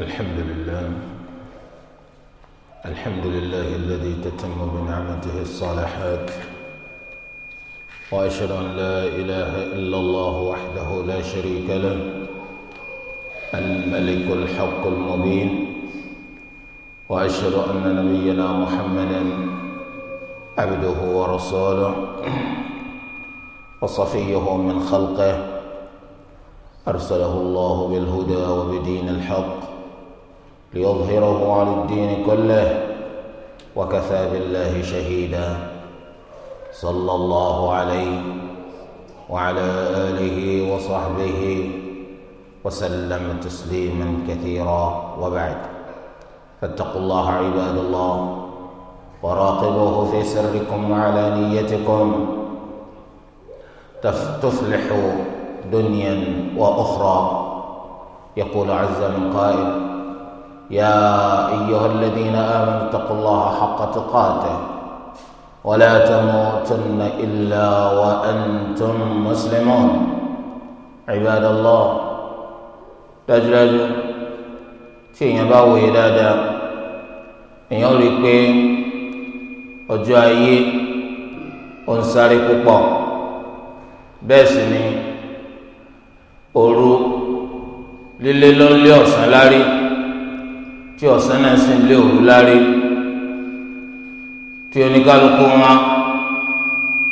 الحمد لله الحمد لله الذي تتم بنعمته الصالحات واشهد ان لا اله الا الله وحده لا شريك له الملك الحق المبين واشهد ان نبينا محمدا عبده ورسوله وصفيه من خلقه ارسله الله بالهدى وبدين الحق ليظهره على الدين كله وكفى بالله شهيدا صلى الله عليه وعلى اله وصحبه وسلم تسليما كثيرا وبعد فاتقوا الله عباد الله وراقبوه في سركم وعلانيتكم تفلحوا دنيا واخرى يقول عز من قائل يا أيها الذين آمنوا اتقوا الله حق تقاته ولا تموتن إلا وأنتم مسلمون عباد الله دجلج تيين يباوي يدادا èèyàn rí i pé ọjọ́ ayé ó ń sáré púpọ̀ bẹ́ẹ̀ tí ọ̀sán náà sì ń lé òru lárí tí oníkálukú wọn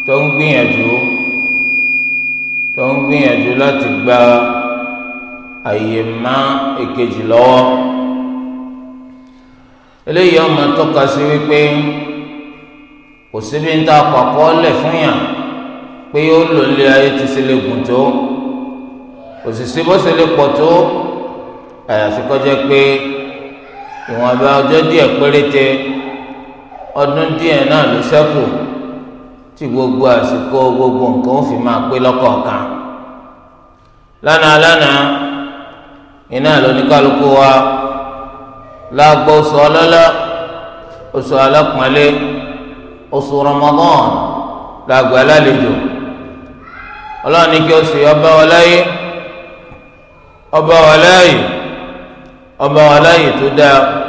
tó ń gbìyànjú tó ń gbìyànjú láti gba àyè má èkejì lọ́wọ́ eléyìí ọmọ tọ́ka sí wípé kò síbi ń ta kọ̀kọ́ lẹ̀ fún yàn pé ó lò ń lé ayé ti ṣe lè gùn tó kò sì sí bó ṣe lè pọ̀ tó àyàfi kọjá pé ìwọ̀nba ọjọ́ díẹ̀ péréte ọdún díẹ̀ náà ló ṣẹ́kù tí gbogbo àsìkò gbogbo nǹkan ó fi máa pé lọ́kọ̀ọ̀kan lánàá lánàá iná lóníkàlùkù wa lágbo oṣù ọlọ́lá oṣù alápọ̀nlé oṣù Ramadan làgbà lálejò ọlọ́ọ̀ni kí oṣù ọba ọláyé ọba ọláyé ọba ọláyé tó dáa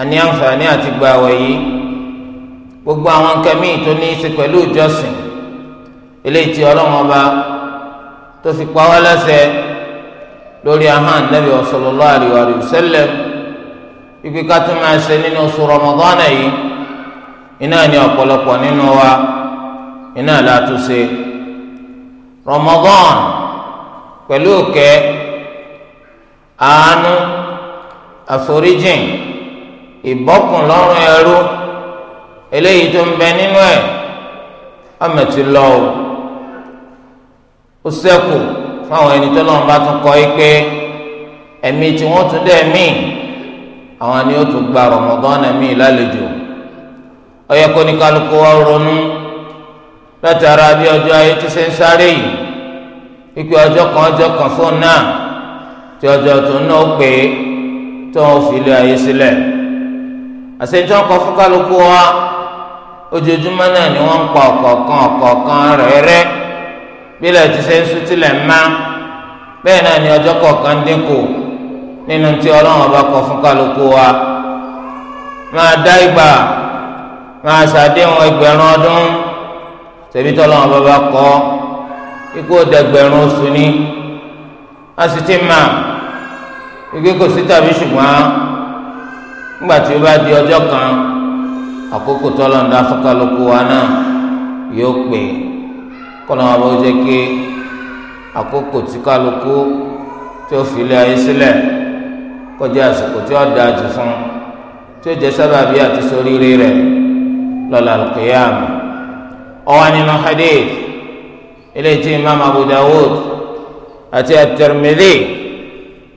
àní àǹfààní àti gba àwẹ̀ yìí gbogbo àwọn nǹkan míì tó ní í ṣe pẹ̀lú ìjọsìn eléyìí tí ọlọ́run ọba tó fi pa wá láṣẹ lórí ahọ́n Ànábì sallallahu alaihi wa sallam ibi ká tún máa ṣe nínú oṣù Ramadana yìí iná ní ọ̀pọ̀lọpọ̀ nínú wa iná látúnṣe Ramadan pẹ̀lú òkè àánú àforíjìn. ìbọ́kùn lọ́rùn ẹrú eléyìí tó ń bẹ nínú ẹ̀ ọmọọtí lọ o ó ṣẹ́kù fáwọn ẹni tó lọ́n bá tún kọ́ ẹ pé ẹ̀mí tí wọ́n tún dẹ̀ mí àwọn ni ó tún gba rọmọdánà lálejò ó kó ní kálukú wa ronú látara bí ọjọ́ ayé ti ṣe ń sáré yìí ọjọ́ kan ọjọ́ kan àṣejọ kọ fún kálukú wa ojoojúmọ́ náà ni wọ́n ń pa ọ̀kọ̀ọ̀kan ọ̀kọ̀ọ̀kan rẹ́rẹ́ bílẹ̀ ti ṣe ń sútilẹ̀ má bẹ́ẹ̀ náà ni ọjọ́ kọ̀ọ̀kan dínkù nínú tí ọlọ́run ọba kọ fún kálukú wa máa dá ìgbà máa ṣàdéhùn ẹgbẹ̀rún ọdún tẹ̀bí tọ́lọ́run ọba bá kọ́ ikú ọ̀dẹ́gbẹ̀rún oṣù ni a sì ti mà ìgbé kò sí tàbí ṣùgbọ́n nígbà tí ó bá di ọjọ́ kan àkókò tọ́lọ̀ ń dá fọ́kàlùkù wa náà yóò pè é kọ́nà wọn bó jẹ́ kí àkókò tí kálukú tí ó fi lé ayé sílẹ̀ kọjá àsìkò tí ó dáa jù fún tí ó jẹ́ sábàbí àti soríire rẹ̀ lọ́la al-qiyam nínú hadith eléyìí tí imam abu dawud àti at-tirmidhi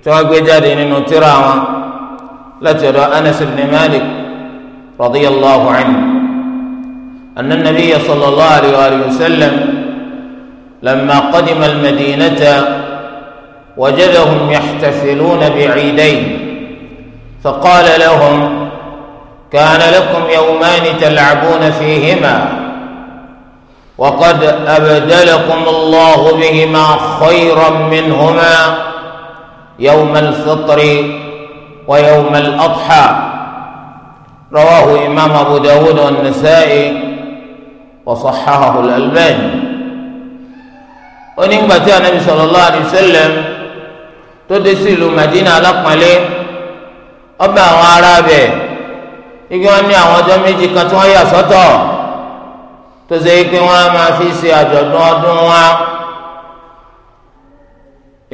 tí wọ́n gbé jáde nínú tírà wọn. لترى انس بن مالك رضي الله عنه ان النبي صلى الله عليه واله وسلم لما قدم المدينه وجدهم يحتفلون بعيدين فقال لهم كان لكم يومان تلعبون فيهما وقد ابدلكم الله بهما خيرا منهما يوم الفطر ويوم الأضحى رواه إمام أبو داود والنسائي وصححه الألباني ونقبة النبي صلى الله عليه وسلم تدسل مدينة لقملي ọba àwọn ará bẹ igi wọn ní àwọn ọjọ́ méjì kan tí wọn yà sọ́tọ̀ tó ṣe pé wọn á máa fi ṣe àjọ̀dún ọdún wa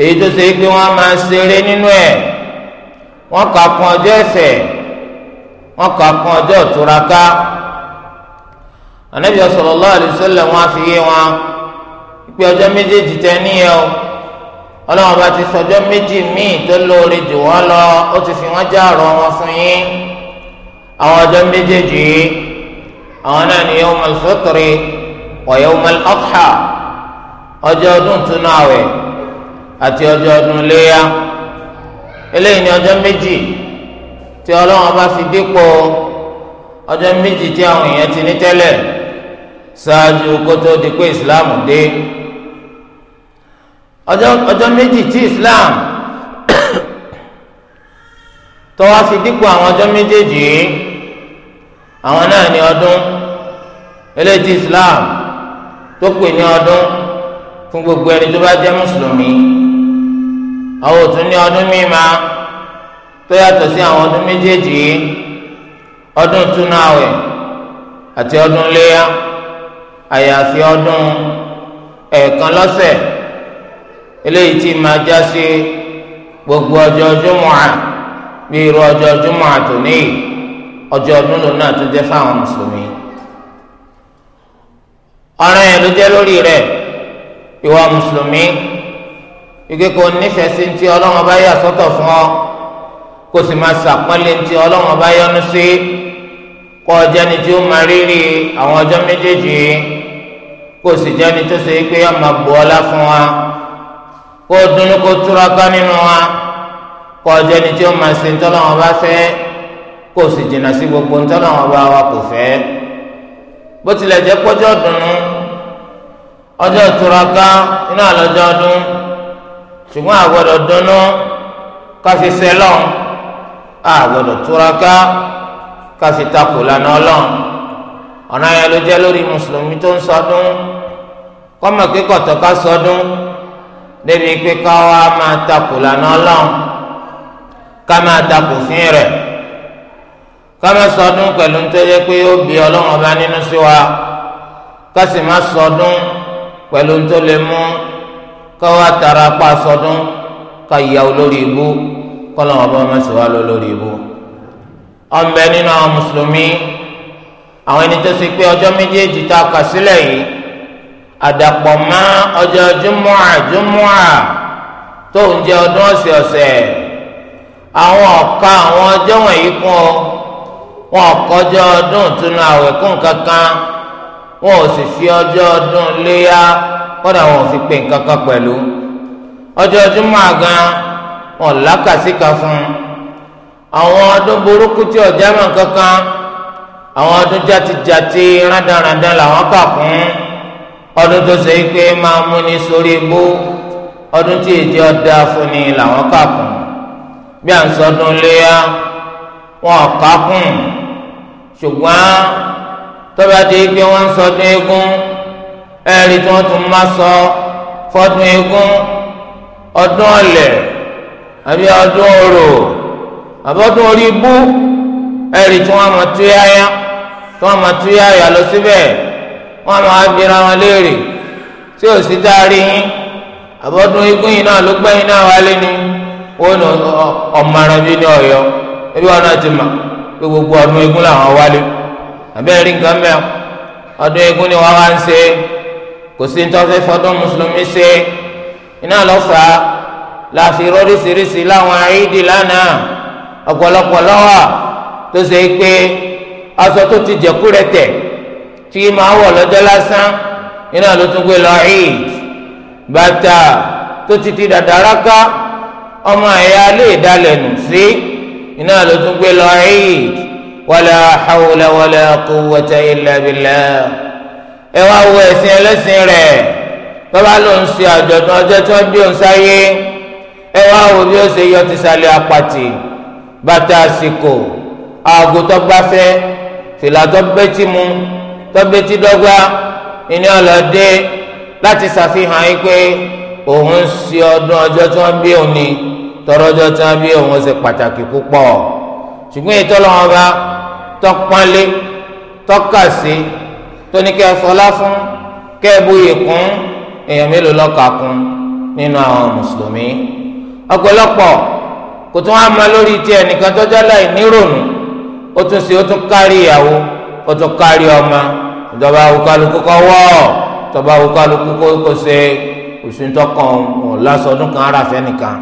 èyí tó ṣe pé wọn á máa ṣeré nínú ẹ̀ wọ́n kà kún ọjọ́ ẹ̀ṣẹ̀ wọ́n kà kún ọjọ́ ìtúraká anabi sallallahu alaihi wasallam wọ́n fi yé wọn pé ọjọ́ méjèèjì tẹ níyẹn o ọlọ́wọ́n bá ti sọjọ́ méjì míì tó lóore jù wọ́n lọ ó ti fi wọ́n já wọn fún yín àwọn ọjọ́ méjèèjì àwọn náà ni yawmal fitri wa yawmal adha ọdún túnú àwẹ̀ àti ọjọ́ ọdún léyà eléyìí ni ọjọ́ méjì tí ọlọ́run bá fi dípò ọjọ́ méjì tí àwọn èèyàn ti ní tẹ́lẹ̀ ṣáájú kó tó di pé islam dé ọjọ́ méjì tí islam tó wá fi dípò àwọn ọjọ́ méjèèjì yìí àwọn náà ní ọdún eléyìí tí islam tó pè ní ọdún fún gbogbo ẹni tó bá jẹ́ mùsùlùmí. àwọn òtún ní ọdún mímá tó yàtọ̀ sí àwọn ọdún méjèèjì yìí ọdún túnú àwẹ̀ àti ọdún léyà àyàfi ọdún ẹ̀ẹ̀kan lọ́sẹ̀ eléyìí tí máa já gbogbo ọjọ́ júmọ̀à bí irú ọjọ́ júmọ̀à tó níyì ọjọ́ ọdún lòun náà tó jẹ́ fáwọn mùsùlùmí ọ̀ràn yẹn ló jẹ́ lórí rẹ̀ ìwà ike kò nífẹ̀ẹ́ sí ti ọlọ́run ọba yà sọ́tọ̀ fún ọ kò sì máa ṣàpọ́nlé ti ọlọ́run ọba yọ́nú sí kọ́ ọ jẹ́ni tí ó máa rírì àwọn ọjọ́ méjèèjì kò sì jẹ́ni tó ṣe pé yọ máa bù ọlá fún wa kó o dunu kó túraká nínú wa kọ́ ọ jẹ́ni tí ó máa ṣe ntọ́lọ́run ọba fẹ́ kó sì jìnnà sí gbogbo ntọ́lọ́run ọba wa kò fẹ́ bó tilẹ̀ jẹ́ pọ́jọ́ dùnú ọjọ́ túraká iná àlọ́jọ́ ọdún. ṣùgbọ́n àgbọ̀dọ̀ dunnú káfi fẹ́ lọ́n àgbọ̀dọ̀ túraká káfi takò lànà ọlọ́n ọ̀nà yẹn ló jẹ́ lórí mùsùlùmí tó ń sọdún kọ́mọ̀ kíkọ̀tọ̀ ká sọdún débi pé ká máa takò lànà ọlọ́n ká máa takò fín rẹ̀ ká sọdún pẹ̀lú pé ó bí ọlọ́run ọba nínú sí wa káwá tara pa sọdún ká ya olórí ibú kọlọ́n ọba ọmọ sì wá lórí ibú. ọ̀nbẹ nínú àwọn mùsùlùmí àwọn ẹni tó ṣe pé ọjọ́ méjèèjì tá a kà sílẹ̀ yìí àdàpọ̀ mọ́ ọjọ́ júmọ́à júmọ́à tó ń jẹ ọdún ọ̀sẹ̀ ọ̀sẹ̀ àwọn ọ̀ka àwọn ọjọ́ wọ̀nyí kún ọ wọn kọjọ ọdún kankan wọn kọ́dà wọn ò fi pè nǹkan kan pẹ̀lú ọjọ́ júmọ́ àgàn wọn làkàsíkà fún àwọn ọdún burúkú tí ọjà mọ̀ kankan àwọn ọdún játijàti rádaràdán làwọn kà kún ọdún tó ṣe é pé máa mú ní sórí ibú ọdún tí èdè ọ̀dà fún ni làwọn kà kún bí à ń sọdún léyà wọn kà kún ṣùgbọ́n tọ́ba di pé wọ́n ń sọdún eégún ẹ̀rí tí wọ́n tún máa sọ fọ́dún eégún ọdún ọ̀lẹ̀ àbí ọdún orò àbọ̀dún orí ibú ẹ̀rí tí wọ́n máa tú yáyá tí wọ́n máa tú yáyà lọ síbẹ̀ wọ́n máa bira wọn léèrè tí ò sí dárí yín àbọ̀dún eégún yìí náà ló gbẹ́yìn náà wálé ni wọ́n ní ọ̀mọ̀ràn bíi ní ọ̀yọ́ ebi wọn náà ti mà pé gbogbo ọdún eégún làwọn wálé àbẹ́rẹ́ nǹkan mẹ́ọ̀ ọdún eégún ni wọ́n wá ń ṣe é kò sí ntọ́fẹ́ fọdún mùsùlùmí ṣe iná lọ fà á láàfin rọ́ríṣiríṣi láwọn àìdí lánàá ọ̀pọ̀lọpọ̀ lọ́wọ́ tó ṣe é pé aṣọ tó ti jẹ̀kú rẹ̀ tẹ̀ tí máa wọ̀ lọ́jọ́ lásán iná ló tún gbé lọ ìd bàtà tó ti ti dàdàrà ọmọ ẹ̀yà lè dalẹ̀ nù sí iná ló tún gbé lọ ìd wàlà hàwùlà wàlà quwwata illa billah ẹ wá wo ẹ̀sìn ẹlẹ́sìn rẹ̀ bàbá ló ń ṣe àjọ̀dún ọjọ́ tí wọ́n bí òun sáyé ẹ wá wo bí ó ṣe yọ ti sàlẹ̀ apàtì bàtà àsìkò aago tó bá fẹ́ fìlà tó bẹ́tì mu tó bẹ́tì dọ́gba ìní ọlọ́dẹ láti ṣàfihàn yín pé òun ń ṣe ọdún ọjọ́ tí wọ́n bí òun ni tọrọjọ tí wọ́n bí òun ṣe pàtàkì púpọ̀ ṣùgbọ́n ìtọ́lọ́wọ́n bá tọ́pọ́nlé tọ́kà tóní kẹ́ ẹ fọlá fún kẹ́ ẹ bóyè kún èèyàn mélòó lọ́ka kún nínú àwọn mùsùlùmí ọ̀pọ̀lọpọ̀ kò tún wá máa lórí tiẹ̀ nìkan tọ́jọ́ láì nírònú ó tún sí ó tún kárí ìyàwó ó tún kárí ọmọ ìjọba awukaluku kọ́ wọ́ ìjọba awukaluku kó ṣe òṣùntọ́kàn lásọdún kan ara fẹ́ nìkan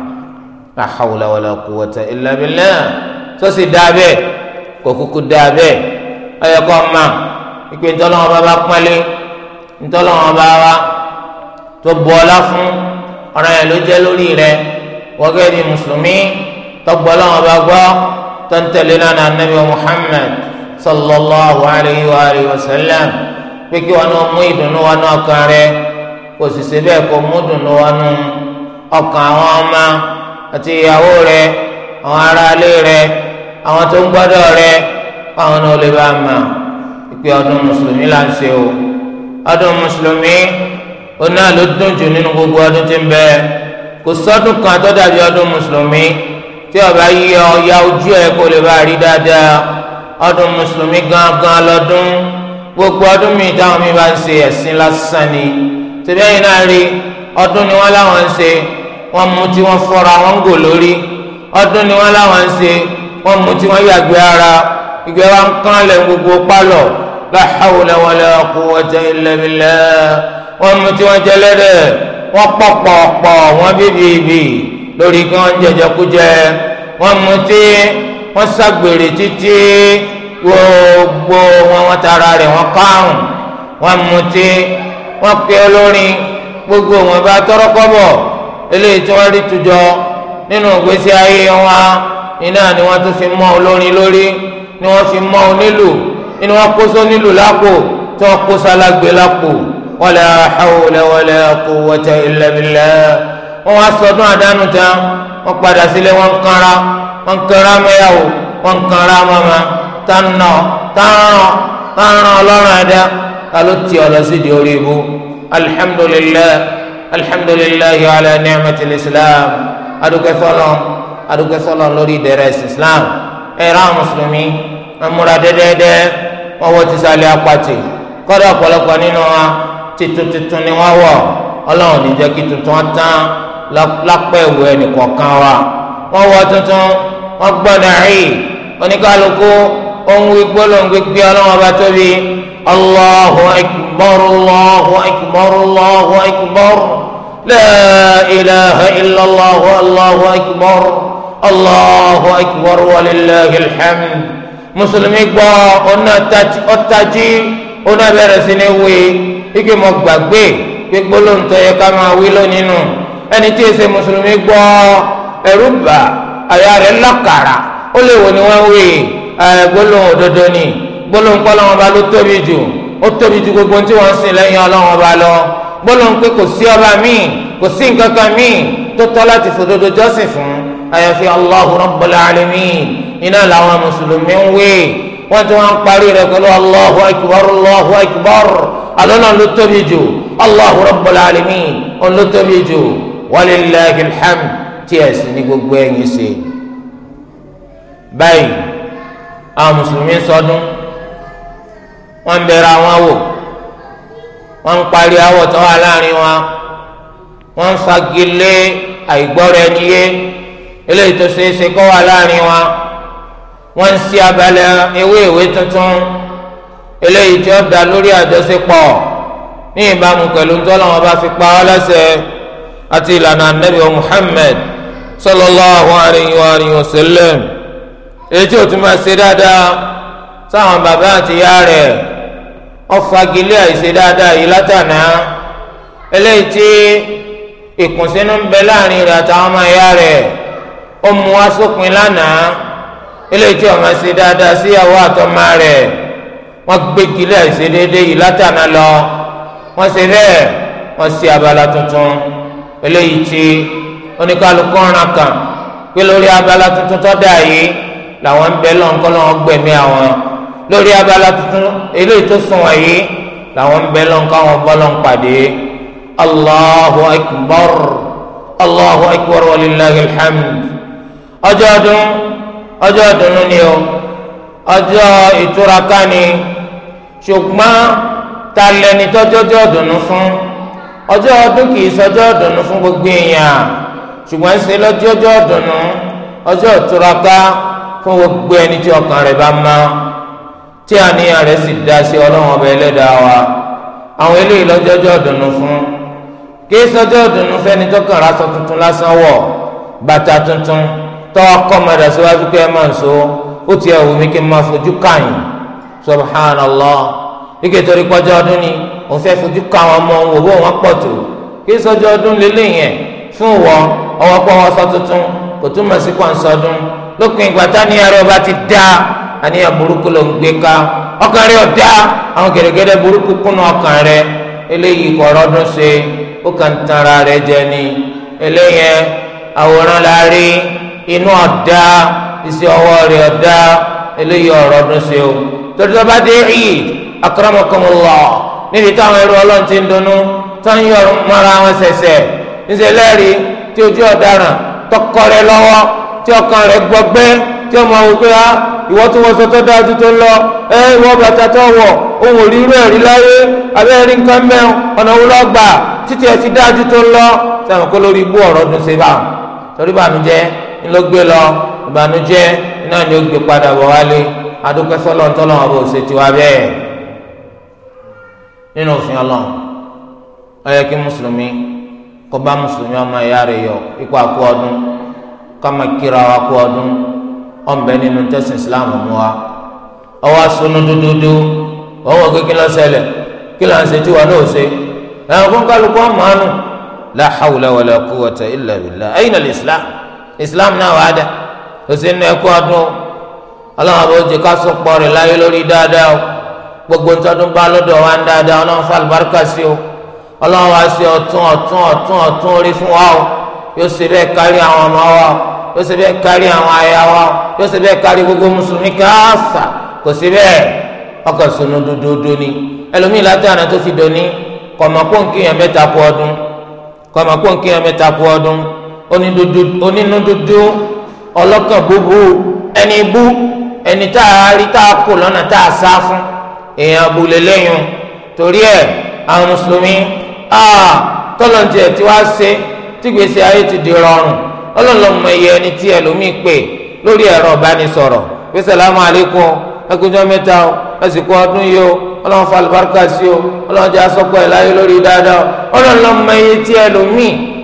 la hawla wala quwwata illa billah tó sì dáa bẹ́ẹ̀ kò kúkú dáa bẹ́ẹ̀ ọ̀yẹ́kọ́ máa ìpè ntọ́lọ́wọ́n bá bá pọ́nlé ntọ́lọ́wọ́n bá wá tó bu ọlá fún ọ̀ràn yẹn ló jẹ́ lórí rẹ wọ́gẹ́ ni mùsùlùmí tọ́gbọ́ bá gbọ́ tó ń tẹ̀lé lánàá nàbí Muhammad sallallahu alayhi wa alayhi wa sallam pé kí wọn náà mú ìdùnnú wọn náà kan rẹ kò sì ṣe bẹ́ẹ̀ kó mú ìdùnnú wọn ọkàn àwọn ọmọ àti ìyàwó rẹ àwọn aráalé rẹ àwọn tó ń gbọ́dọ̀ rẹ àwọn náà lè bá a máa pé ọdún mùsùlùmí là ń ṣe o ọdún mùsùlùmí ó náà ló dùn jù nínú gbogbo ọdún tí ń bẹ kò sọ́dún kan tó dàbí ọdún mùsùlùmí tí ọba yí ọ ya ojú ẹ kó lè bá rí dáadáa ọdún mùsùlùmí gangan lọ́dún gbogbo ọdún mi táwọn mi bá ń ṣe ẹ̀sìn lásán ni tẹ̀lé yìí náà rí ọdún ni wọ́n láwọn ń ṣe wọ́n mú tí wọ́n fọ́ra wọ́n ń gò lórí ọdún ni wọ́n láwọn ń ṣe wọ́n mú tí wọ́n yàgbé ara ìgbẹ́ wa ń kán lẹ̀ gbogbo pálọ̀ la hawla wala quwwata illa billah wọ́n mú tí wọ́n jẹ lẹ́dẹ̀ wọ́n pọ̀ pọ̀pọ̀ wọ́n bíbíbí lórí kí wọ́n jẹjẹ kú jẹ wọ́n mú tí wọ́n ságbèrè títí gbogbo wọn wọ́n tara rẹ̀ wọ́n kárùn wọ́n mú tí wọ́n pe olórin gbogbo wọn bá tọrọ kọ́bọ̀ eléyìí tí wọ́n rí tùjọ nínú ìgbésí ayé wọn iná ni wọ́n tún fi mọ́ olórin lórí ni wọ́n fi mọ́ onílù inú wọn kó sọ nílùú lápò tí wọn kó sálágbé lápò wala hawla wala quwwata illa billah wọn wá sọdún àdánù tán wọn padà sílé wọn kanra wọn kanra mẹyàwó wọn kanra mama tánà tánà tánà ọlọ́run ẹ̀dá kálọ́ tí ọ sí di orí ibu alhamdulilayi alhamdulilayi ala ni'mati islam adúgbò sọlọ adúgbò sọlọ lórí dẹrẹ islam ẹ mùsùlùmí amúra dẹdẹdẹ wọ́n wọ tìsàlẹ̀ apàtì kọ́dọ̀ ọ̀pọ̀lọpọ̀ nínú wa titun titun ni wọ́n wọ̀ ọlọ́run ní jẹ́ kí tuntun wọn tán lápẹ́ ìwé ẹnìkọ̀ọ̀kan wa wọ́n wọ tuntun wọ́n gbọ́dọ̀ rí oníkálukú ohun gbígbó ló ń gbígbé ọlọ́run ọba tóbi Allahu akbar Allahu akbar Allahu akbar la ilaha illallah Allahu akbar Allahu akbar walillahil hamd mùsùlùmí gbọ́ ọ̀nà ọ̀tají ọ̀nà bẹ̀rẹ̀ sí ni wí ike mọ̀ gbàgbé gbégbó ló ń tọ́yẹ ká máa wí lónìí nù ẹni tí èsè mùsùlùmí gbọ́ ẹ̀rú bà àyà rẹ̀ lọ́kàrà ó lè wò ni wọ́n wí gbólóhùn òdodo ni gbólóhùn kọ́ lọ́wọ́n ba ló tóbi jù ó tóbi ju gbogbo tí wọ́n sìn lẹ́yìn ọlọ́wọ́n ba lọ gbólóhùn pé kò sí ọba míì kò sí nǹkan kan míì tó tọ́ láti fòdodo jọ́sìn fún àyàfi allahu rabbul alamin iná làwọn mùsùlùmí ń wé wọ́n ti wọ́n parí rẹ̀ pẹ̀lú allahu akbar allahu akbar alọ́nà ló tóbi jù allahu rabbul alamin òun ló tóbi jù walillahi alhamd tí ẹ̀ sì ní gbogbo ẹ̀yìn ṣe. báyìí àwọn mùsùlùmí sọdún wọ́n ń bẹ̀rẹ̀ àwọn wò wọ́n ń parí àwọ̀ tó wà láàrin wọn wọ́n ń fagilé àìgbọ́ra ẹni yé eléyìí tó ṣe é ṣe kọ́ wà láàrin wa wọ́n ń ṣí abalẹ̀ ewé ìwé tuntun eléyìí tí ó dá lórí àjọṣepọ̀ ní ìbámu pẹ̀lú ntọ́lọ́wọ́n bá fi pa ọ́ lẹ́sẹ̀ àti ìlànà anabi Muhammad sallallahu alayhi wa alayhi wa sallam èyí tí ó tún máa ṣe dáadáa sáwọn bàbá àti ìyá rẹ̀ ó àìṣe dáadáa yìí látànà eléyìí tí ìkùnsínú ń bẹ láàrin rẹ̀ àtàwọn ọmọ ìyá rẹ̀ ọmọ wa sópin lánàá eléyìí tí ọmọ ṣe dáadáa síyàwó àtọmọ rẹ̀ wọ́n gbégi láìṣe déédéé yìí látàná lọ wọ́n ṣe bẹ́ẹ̀ wọ́n ṣe abala tuntun eléyìí tí oníkálukú ọ̀ràn kan pé lórí abala tuntun tó dà yìí làwọn ń bẹ lọ́nkọ́ gbẹ̀mí àwọn lórí abala tuntun eléyìí tó sùn wọ̀nyí làwọn ń bẹ lọ́nkọ́ àwọn bọ́lọ́n pàdé Allahu akbar Allahu akbar walillahil hamd. ọjọ́ ọdún ọjọ́ ọdúnnú ni o ọjọ́ ìtura ká ni ṣùgbọ́n ta lẹni tọ́jọ́jọ́ ọdúnnú fún ọjọ́ ọdún kì í sọjọ́ ọdúnnú fún gbogbo èèyàn ṣùgbọ́n ṣe lọ́jọ́jọ́ ọdúnnú ọjọ́ ìtura ká fún gbogbo ẹni tí ọkàn bá tí àníyàn sì dá sí ọba ẹlẹ́dàá wa àwọn eléyìí ọdúnnú fún sọjọ́ ọdúnnú fẹ́ni tuntun lásán wọ̀ bàtà tuntun tọ́kọ́ mọ̀dà síwájú pé ẹ máa ń so ó ti ẹ̀wù mi kí n máa fojú káyìn subhanallah ike torí pọ́jọ́ ọdún ni òun fẹ́ fojú ká àwọn ọmọ òun òwò wọn pọ̀ tó kí sọ́jọ́ ọdún lélẹ̀ yẹn fún wọ ọwọ́ pọ́ wọn sọ tuntun kò túmọ̀ sí pọ̀ ń sọdún lópin ìgbà tání ẹ̀rọ bá ti dá àníyàn burúkú ló ń gbé ká ọkàn rẹ ọ̀dá àwọn gẹ̀rẹ́gẹ̀rẹ́ burúkú kúnnà ọkàn rẹ eléyìí kọ̀ ọ̀rọ̀dún ṣe ó kàn ń rẹ jẹ ni eléyẹn àwòrán la rí inú ọ̀dá iṣẹ́ ọwọ́ rẹ̀ ọ̀dá eléyìí ọ̀rọ̀ ọdún ṣe o torí tó bá dé Eid akramakumullah níbi táwọn ẹrú ọlọ́run ti ń dunnú tó ń yọ mọ́ra wọn ṣẹ̀ṣẹ̀ níṣẹ́ lẹ́rìí tí ojú ọ̀daràn tọkọ rẹ̀ lọ́wọ́ tí ọkàn rẹ̀ gbọgbẹ́ tí ọmọ àwọn òkú ya ìwọ tó wọ́n sọ tó dájú tó lọ ẹ ìwọ bàtà tó wọ̀ ohun òrí irú ẹ̀rí láyé abẹ́rẹ́ nǹkan mẹ́rin ọ̀nà òun lọ́gbà títí ẹ ti dájú tó lọ sẹ́wọ̀n kó lórí ibú ọ̀rọ̀ dùn sí báwọn torí bàmí jẹ́ ló gbé lọ ìbànújẹ́ náà ni ó gbé padà bọ̀ wálé adúpẹ́ sọ́lọ́ ntọ́lọ́ ọ̀bọ̀ òṣètì wa bẹ́ẹ̀ nínú òfin ọlọ́run ó yẹ kí mùsùlùmí kó bá mùsùlùmí ọmọ ìyá rẹ̀ yọ ikú àkú ọdún ká máa kíra wa kú ọdún ọ̀nbẹ nínú tẹ̀sán islam mú wa ọwọ́ asunu dúdúdú ọwọ́ kékeré lọ́sẹ̀lẹ̀ kí ló ṣe tí wọn náà ṣe ẹ̀rọ kó ń kálukú ọmọ àánú la hawla wala quwwata illa billah ayna al-islam islam náà wà á dà kò sí nínú ẹkú ọdún ọlọ́run àbò jẹ ká sún pọ̀ rẹ̀ láyé lórí dáadáa o gbogbo ntọ́dún bá lọ́dọ̀ wa ń dáadáa ọlọ́run fún àlùbáríkà sí o ọlọ́run wá sí ọ̀tún ọ̀tún ọ̀tún ọ̀tún orí fún wa o yóò ṣe bẹ́ẹ̀ kárí àwọn ọmọ wa o yóò ṣe bẹ́ẹ̀ kárí àwọn aya wa o yóò ṣe bẹ́ẹ̀ kárí gbogbo mùsùlùmí káàsà kò sí bẹ́ẹ̀ ọkọ̀ sunu dúdúdú ni ẹlòmíì látàná tó fi dòní kọ̀mọ̀kó nkíyàn mẹ́ta kú ọdún kọ̀mọ̀kó nkíyàn mẹ́ta kú ọdún onínúdúdú ọlọ́kàn búburú ẹni bú ẹni tá a rí tá a kò lọ́nà tá a sá fún èèyàn abúlé lẹ́yìn torí ẹ̀ àwọn mùsùlùmí tọ́lọ̀ntì ẹ̀ tí wàá ṣe tí gbèsè ayé ti di rọrùn ọlọ́lọ́mọ ẹ̀yẹ ẹni tí ẹlòmíì pè lórí ẹ̀rọ ìbánisọ̀rọ̀ pé sàlámù alaykum ẹkùnjọ́ mẹ́ta o ẹ̀sìnkú ọdún yìí o ọlọ́run fa àlùbáríkà sí o ọlọ́run jẹ́ asọ́pọ̀ ẹ̀ láyé lórí dáadáa ọlọ́lọ́mọ ẹ̀yẹ tí ẹlòmíì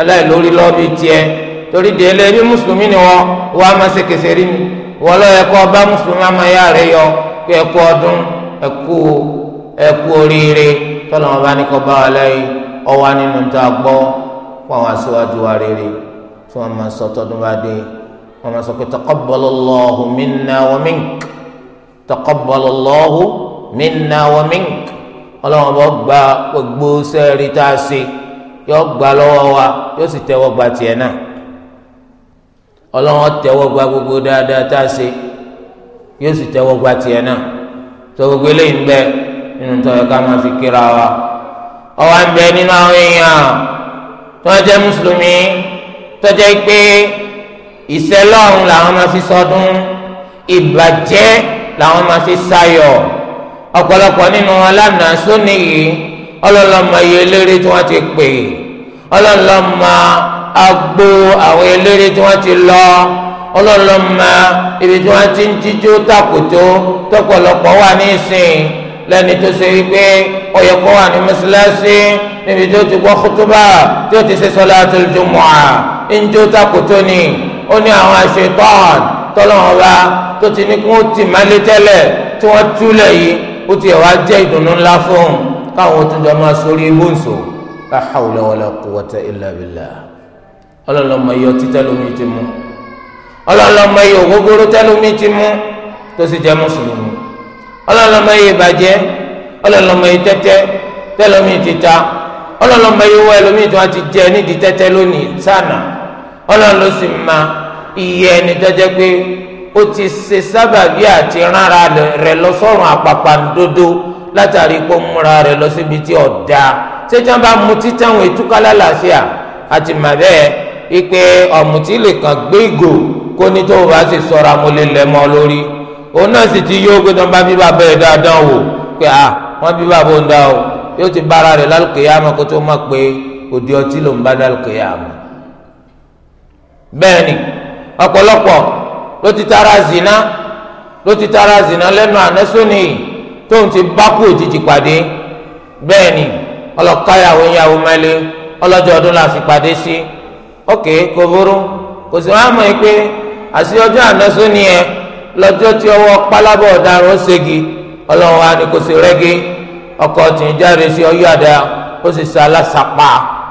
aláìlórí lọ́ọ́bì tiẹ̀ torí di ẹlẹ́bí mùsùlùmí ni wọ́n wọ́n á máa ṣe kẹsẹ̀ rí mi wọ́n lọ ẹ̀kọ́ ọba mùsùlùmí á máa yá rẹ̀ yọ pé ẹ̀kú ọdún ẹ̀kú ẹ̀kú oríire tọ́lọ̀ wọn bá ní kọ́ bá wa lẹ́yìn ọwọ́ nínú tá a gbọ́ fún àwọn aṣíwájú wa rere tí wọ́n máa bá dé wọ́n máa sọ pé taqabbalallahu minna wa mink taqabbalallahu minna wa mink ọlọ́wọ́n bọ́ gba gbogbo sẹ́ẹ̀rì tá a ṣe yóò gbà lọ́wọ́ wa yóò sì tẹ́wọ́ gba tiẹ̀ náà ọlọ́wọ́ tẹ́wọ́ gba gbogbo dáadáa tá a ṣe yóò sì tẹ́wọ́ gba tiẹ̀ náà tó gbogbo eléyìí ń bẹ nínú tọ́yọ̀ ká máa fi kíra wa ọwọ́ ń bẹ nínú àwọn èèyàn tó jẹ́ mùsùlùmí tó jẹ́ pé ìṣẹ́lọ́run làwọn máa fi sọdún ìbàjẹ́ làwọn máa fi sayọ̀ ọ̀pọ̀lọpọ̀ nínú alámìnà sóní ọlọ́lọ́mọ iye eléré tí wọ́n ti pè é ọlọ́lọ́mọ agbó àwọn eléré tí wọ́n ti lọ ọlọ́lọ́mọ ibi tí wọ́n ti ń jíjó tàkòtó tọ́pọ̀lọpọ̀ wà ní ìsìn lẹ́ni tó ṣe wípé ọ̀yẹ̀ kọ́ wà ní mọ́ṣáláṣí níbi tí ó ti gbọ́ kútúbà tí ó ti ṣe sọlátul jumu'a ń jó tàkòtó ni ó ní àwọn àṣetán tọ́lọ́mọba tó ti ní kí wọ́n ti má lé tẹ́lẹ̀ tí wọ́n túlẹ̀ yìí ó ti ẹ̀ wá jẹ́ ìdùnnú ńlá fún un káwọn tó jọ máa sórí ibùsùn la hawla wala quwwata illa billah ọlọ́lọ́mọ iye ọtí tẹ́lómi ti mú ọlọ́lọ́mọ iye ògógóró tẹ́lómi ti mú tó sì jẹ́ mùsùlùmí ọlọ́lọ́mọ iye ìbàjẹ́ ọlọ́lọ́mọ iye tẹ́tẹ́ tẹ́lómi ti ta ọlọ́lọ́mọ iye owó ẹlòmí tí wọ́n ti jẹ nídìí tẹ́tẹ́ lónìí sànà ọlọ́lọ́ sì ma iye ẹni tọ́jẹ́ pé ó ti ṣe sábàbí àti rárá rẹ̀ lọ sọ́run àpàpàǹdodo látàrí kó múra rẹ̀ lọ síbi tí ọ̀dà ṣé tí wọ́n bá mutí táwọn ètúkà lálàáfíà àti mà bẹ́ẹ̀ ipe ọ̀mùtí lè kàn gbé ìgò kó ní tó bá sì sọ̀rọ̀ amúlé lẹ́mọ́ lórí òun náà sì ti yó pé tí wọ́n bá bí bàbá ẹ̀ dáadáa wò pé à wọ́n bí bàbá òun dá o yóò ti bára rẹ̀ lálùkìyàmọ̀ kó tó mọ̀ pé òdi ọtí ló ń bá lálùkìyàmọ̀ bẹ́ẹ̀ni ọ̀pọ̀lọpọ̀ ló ti tara zina ló ti tara zina lẹ́nu ànásónìí tóun ti bá kú òjijì pàdé bẹ́ẹ̀ ni ọlọ́káyàwó yàwó mẹ́lẹ́ ọlọ́jọ́ ọdún la fi pàdé sí ókè kò burú kò sí wàá mọ ẹ́ pé àti ọjọ́ ànásó ni ẹ lọ́jọ́ tí ó ségi wa ni kò ó sì sa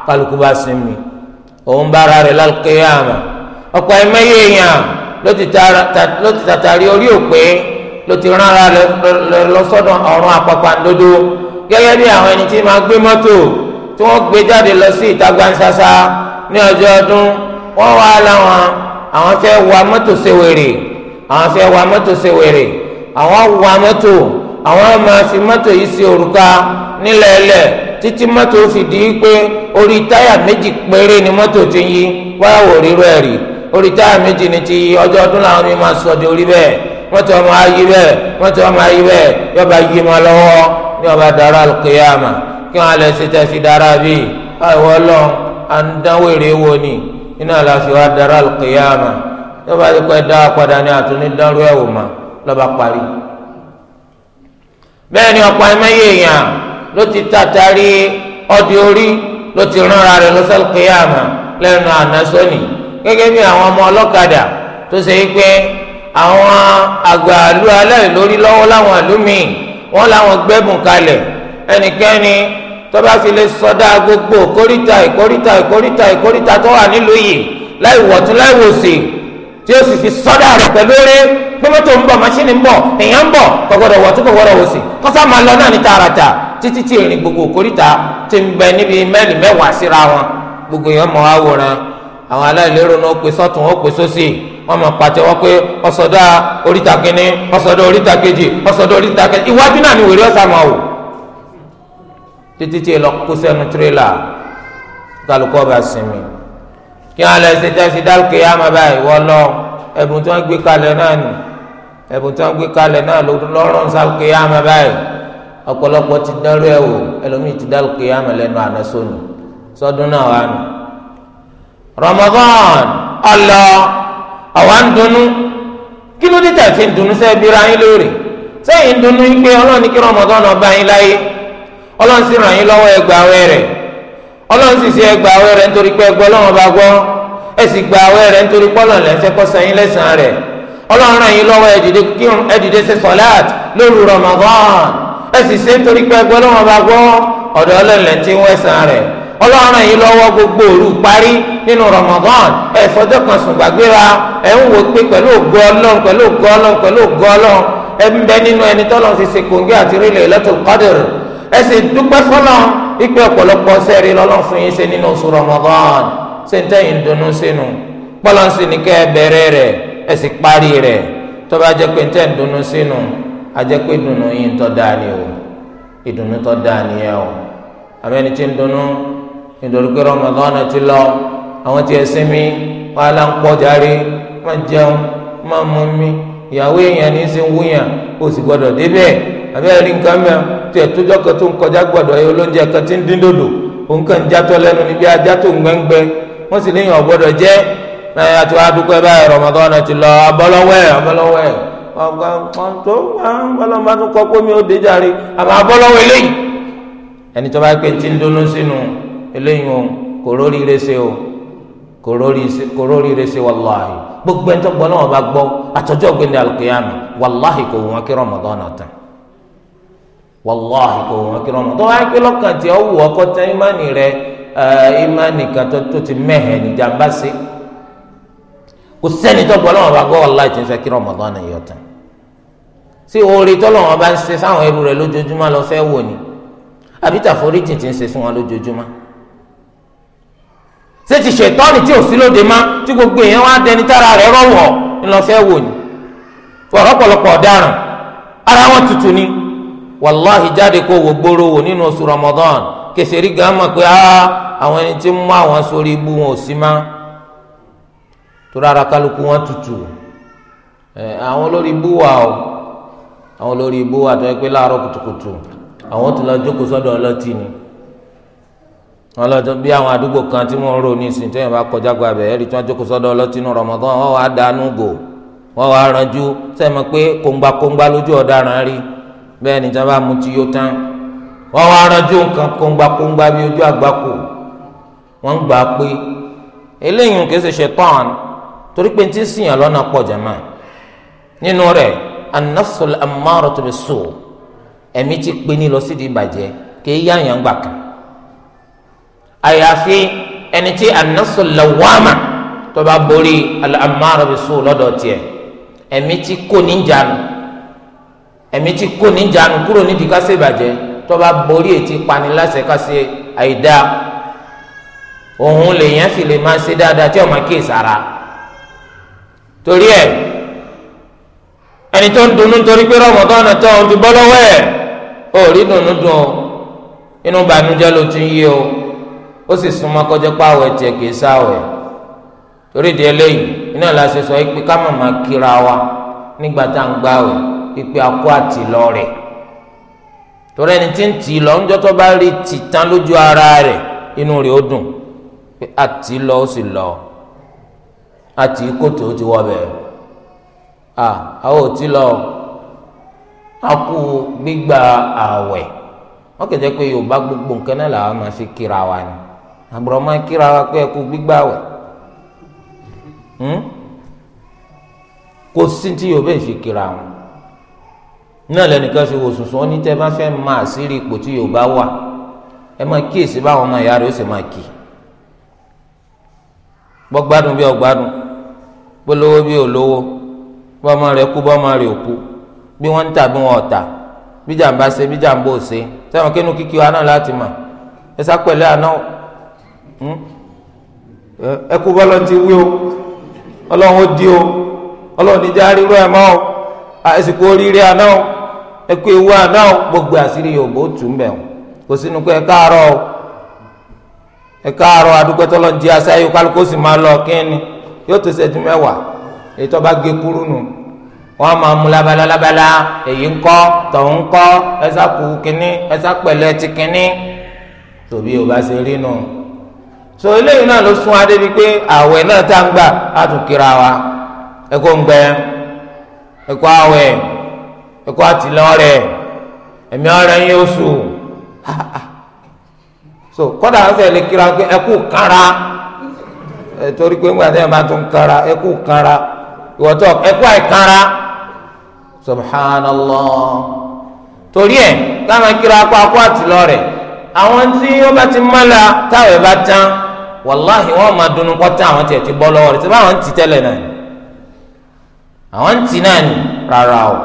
kálukú bá òun ló ti tàtàrí orí ló ti rán ara rẹ̀ lọ sọ́dọ̀ ọ̀run àpàpàǹdodo gẹ́gẹ́ bí àwọn ẹni tí máa gbé mọ́tò tí wọ́n gbé jáde lọ sí ìta gbansasa ní ọjọ́ ọdún wọ́n wá láwọn àwọn fẹ́ wa mọ́tò ṣèwèrè àwọn fẹ́ wa mọ́tò ṣèwèrè àwọn wa mọ́tò àwọn máa fi mọ́tò yìí sí òrùka nílẹ̀ ẹlẹ̀ títí mọ́tò fi di pé orí táyà méjì péré ni mọ́tò ti yí wáyà wò rírọ ẹ̀rí orí táyà méjì ni ti yí ọjọ́ ọdún làwọn mi máa sọ di orí bẹ́ẹ̀ wọ́n ti ọmọ ayé bẹ́ẹ̀ wọ́n ti ọmọ ayé bẹ́ẹ̀ yọ bá yí ma lọ́wọ́ ní ọba dara alukiyama kí wọ́n alẹ́ ṣètẹ́ fi dara bí àìwọ́ lọ àǹdáwó èrè wo ni iná aláfi wa dara alukiyama yọ bá yẹ kó ẹ dá padà ní àtúní dánrú ẹ̀ wò ma lọ́ba parí. bẹ́ẹ̀ ni ọ̀pọ̀ ẹ̀mẹ́yẹ ló ti tàtàrí ọdí orí ló ti ránra rẹ̀ lọ́sàlùkìyàmà lẹ́nu ànásọ́nì gẹ́gẹ́ bí àwọn ọmọ ọlọ́kadà tó ṣe é pé àwọn àgbàlú alẹ́ lórí lọ́wọ́ láwọn àlú míì wọ́n láwọn gbẹ́bùn kalẹ̀ ẹnikẹ́ni tó bá fi lè sọdá gbogbo ìkórìtà ìkórìtà ìkórìtà ìkórìtà tó wà nílùú yìí láì wọ̀tún láì wòsì tí ó sì fi sọdá rẹ̀ pẹ̀lú eré pẹ́mẹ́tò ń bọ̀ mọ́ṣíìnì ń bọ̀ èèyàn ń bọ̀ kò gbọdọ̀ wọ̀tún kò gbọdọ̀ wòsì kọ́sá máa lọ náà ní tààràtà títí tí ìrìn gbogbo ìkórìtà ti ń bẹ níbi mẹ́lì mẹ́wàá síra wọn gbogbo èèyàn mọ̀ á wòran àwọn aláìlérò náà ó pè sọ́tún ó pè sósì wọn máa pàtẹ́wọ́ pé ọ̀sọ̀dá oríta kínní ọ̀sọ̀dá oríta kejì ọ̀sọ̀dá oríta kejì iwájú náà ni wèrè ọ̀sà máa wò títí tí lọ kó sẹ́nu tirẹ́là kálukọ́ bá sinmi kí wọn lọ ṣe tẹ́sí dálùkì yá máa báyìí wọ́n lọ ẹ̀bùn tí wọ́n gbé kalẹ̀ náà nù ẹ̀bùn tí wọ́n gbé kalẹ̀ náà lọ́rùn sálùkì yá máa báyìí ọ̀pọ̀lọpọ̀ ti dárú ẹ̀ wò ẹlòmíì ti dálùkì yá máa lẹ́nu àná sóni sọdún náà wà nù Ramadan ọlọ́ọ̀ àwa ń dunnú kí ló dé tà fi ń dunnú sẹ́ bíra yín lóore sẹ́yìn ń dunnú pé ọlọ́run ní kí Ramadan ọba yín láyé ọlọ́run sì ràn yín lọ́wọ́ ẹgbàá wẹ́ rẹ̀ ọlọ́run sì sí ẹgbàá wẹ́ rẹ̀ nítorí pé ẹgbẹ́ ọlọ́run ọba gbọ́ ẹ sì gba àwẹ̀ rẹ̀ nítorí pọ́lọ̀ lẹ́sẹ̀ kọ́ sẹ́yìn lẹ́sàn-án rẹ̀ ọlọ́run ràn yín lọ́wọ́ ẹ̀dìdẹ ṣe sọ̀láàt lóru Ramadan ẹ sì ṣe nítorí pé ẹgbẹ́ ọlọ́run ọba gbọ́ ọ̀dọ̀ ọlọ́run lẹ́tí ń wẹ̀sàn-án rẹ̀ ọlọ́run yìí lọ́wọ́ gbogbo òru parí nínú Ramadan ẹ̀fọ́jọ́ kan sùn gbàgbéra ẹ̀ ń wò pé pẹ̀lú ògo ọlọ́run pẹ̀lú ògo ọlọ́run pẹ̀lú ògo ọlọ́run ẹ̀ ń bẹ nínú ẹni tọ́lọ́ ti ṣe kòǹgẹ́ àti rílẹ̀ Lailatul Qadr ẹ̀ sì dúpẹ́ fọlọ́ ipe ọ̀pọ̀lọpọ̀ sẹ́ẹ̀rí lọ́lọ́run fún yín ṣe nínú oṣù Ramadan ṣe ń tẹ́yìn dunnú sínú pọ́lọ́nsì ní àmẹ́ni tí ń dunnú nítorí pé Ramadan ti lọ àwọn tí ẹ sinmi wàhálà ń pọ̀ járe má jẹun má mú mi ìyàwó èèyàn ní í sin wúyàn kò sì gbọdọ̀ débẹ̀ àbẹ́rẹ́ rí nǹkan mẹ́rin tí tójọ́ kan tó ń kọjá gbọdọ̀ ẹ olóúnjẹ kan ti ń dín dòdò òun kàn játọ́ lẹ́nu níbi ajá tó ń gbẹ́ngbẹ́ wọ́n sì léyìn ọ̀gbọ́dọ̀ jẹ́ àti wàá dúpẹ́ báyìí Ramadan ti lọ abọ́lọ́wẹ́ abọ́lọ́wẹ́ ọgbà tó ọlọ́mọ bá ń dúnú eléyìí o kò rórí ire ṣe o kò rórí ire ṣe wàláhì gbogbo ẹni tó gbọ́ náà bá gbọ́ àtọ́jọ́ gbẹ̀ndẹ̀ alùkìyàmù wàláhì kò wọ́n kí rọmọdán tán wàláhì kò wọ́n kí rọmọdán tó wáyé pé lọ́kàn tí ó wù ọkọ tẹ ìmánì rẹ ìmánì kan tó ti mẹ́hẹ̀ ní jàmbá sí kò sẹ́ni tó gbọ́ náà bá gbọ́ wàláhì tí ń fẹ́ kí rọmọdán yọ tán sí oore tọ́lọ́wọ́n bá ń ṣe sáwọn ẹrú rẹ lójoojúmọ́ lọ fẹ́ wò ni àbí tàforíjì ti ń ṣe fún wọn lójoojúmọ́ ṣé ti ṣètọ́ni tí ò sí lóde má tí gbogbo èèyàn wá dẹni tára rẹ̀ rọ̀wọ̀ ńlọfẹ́ wò ni fọ̀rọ̀ pọ̀lọpọ̀ ọ̀daràn ara wọn tutù ni wàláhì jáde kó wò gbóró wò nínú oṣù Ramadan kẹsìrì gan mọ̀ pé àwọn ẹni tí ń mú àwọn sórí ibú wọn ò sí má torí ara kálukú wọn tutù àwọn olórí ibú wà o àwọn olórí ibú wà tó yẹ pé láàárọ̀ kùtùkùtù àwọn tó lọ jókòó sọ́dọ̀ ọlọ́tì ni wọn lọ bí àwọn àdúgbò kan tí wọn ń rò ní ìsìn tí wọn bá kọjá gba bẹ ẹrí tí wọn jókòó sọ́dọ̀ ọlọtínú rọmọgán wọn wàá dànù gò wọn wàá ranjú sẹmọ pé kóńgbàkóńgbà lójú ọ̀daràn rí bẹ́ẹ̀ ni tí wọn bá mu ti yó tán wọn wàá ranjú nǹkan kóńgbàkóńgbà bí ojú àgbákò wọn ń gbà pé eléyìí kìí ṣe ṣetán torí pé tí ń sìyàn lọ́nà pọ̀ jẹ̀mọ́ nínú rẹ̀ an-nafsul ammaratu bis-su' ẹ̀mí ti pinni lọ sídìí ìbàjẹ́ kì í àyàfi ẹni tí anasu lawama tó bá borí al-ammara bisu lọ́dọ̀ tiẹ̀ ẹ̀mí tí kò ní jánu ẹ̀mí tí kò ní jánu kúrò ní dìkásẹ ìbàjẹ́ tó bá borí ètí paniláṣẹ kásẹ àìdá òun lèèyàn sì lè máa ṣe dáadáa tí ọmọ kéè sára torí ẹ̀ ẹni tó ń dunnú torí pé rọmọdọ́nà tó ń ti bọ́ lọ́wọ́ ẹ̀ ò rí dunnú dun inú bànújẹ́ ló ti ń yí o ó sì súnmọ́ kọjá páwọ̀ ẹ̀tì ẹ̀ kìí sáwẹ̀ torí di eléyìí iná la ṣe sọ pé ká má máa kíra wa nígbà tá à ń gbàwẹ̀ pípé akó àti lọ rẹ̀ torí ẹni tí ń tì í lọ ńjọ́ tó bá rí tì tán lójú ara rẹ̀ inú rẹ̀ ó dùn pé àti lọ ó sì lọ àti kòtò ó ti wọ bẹ́ẹ̀ à àwọn ò tí lọ akú gbígba àwẹ̀ wọ́n kì pé Yorùbá gbogbo nǹkan náà làwọn máa fi kíra wa ni àbúrò máa kíra wa pé ẹkú gbígbàwẹ̀ hmm? kò sí tí yóò bẹ́ẹ̀ ṣe kíra wọn náà lẹ́nìkan ṣe wò sùnsùn ó ní tẹ́ bá fẹ́ máa sírí ipò tí yóò bá wà ẹ máa kíyèsí báwọn ọmọ ìyá rẹ̀ ó sì máa kì í gbọ́gbádùn bí ọgbádùn gbólówó bí olówó bọ́mọ rẹ̀ kú bọ́mọ rẹ̀ òkú bí wọ́n ń tà bí wọ́n ọ̀tà bí ṣe bí ṣe sẹ́wọ̀n kínú kíkí wa náà láti mà ẹ sá pẹ̀lẹ́ àná Hmm? ẹkú ti wí o ọlọ́run ó di o ọlọ́run níjà rírọ ẹ̀ mọ́ o àìsìkò oríire ewu àná gbogbo àṣírí yòòbó tù o kò sínú pé ẹ o ẹ káàárọ̀ adúgbẹ́tọ́ lọ́n di aṣáájú kálukó sì máa lọ kíni yóò tó ṣẹ́jú mẹ́wàá èyí tó bá gé kúrú nù labala labala èyí ńkọ́ tọ̀hún ńkọ́ ẹ̀sà kù kínní ẹ̀sà pẹ̀lẹ́ ti kínní tòbí bá so eléyìí náà ló sún adé bíi pé àwẹ̀ náà tá ń gbà á tún kíra wa ẹkọ ń gbẹ ẹkọ àwẹ̀ ọrẹ yín ó so kọ́dà ń lè kíra pé ẹkú kára torí pé ńgbà tí ẹ bá tún kára kára àìkára subhanallah torí ẹ káwọn kíra wàláhì wọn máa dunu kọtẹ àwọn tiẹ̀ ti bọ́ lọ́wọ́ rẹ̀ tí báwọn ń ti tẹ́lẹ̀ náà àwọn ń ti náà ni rárá o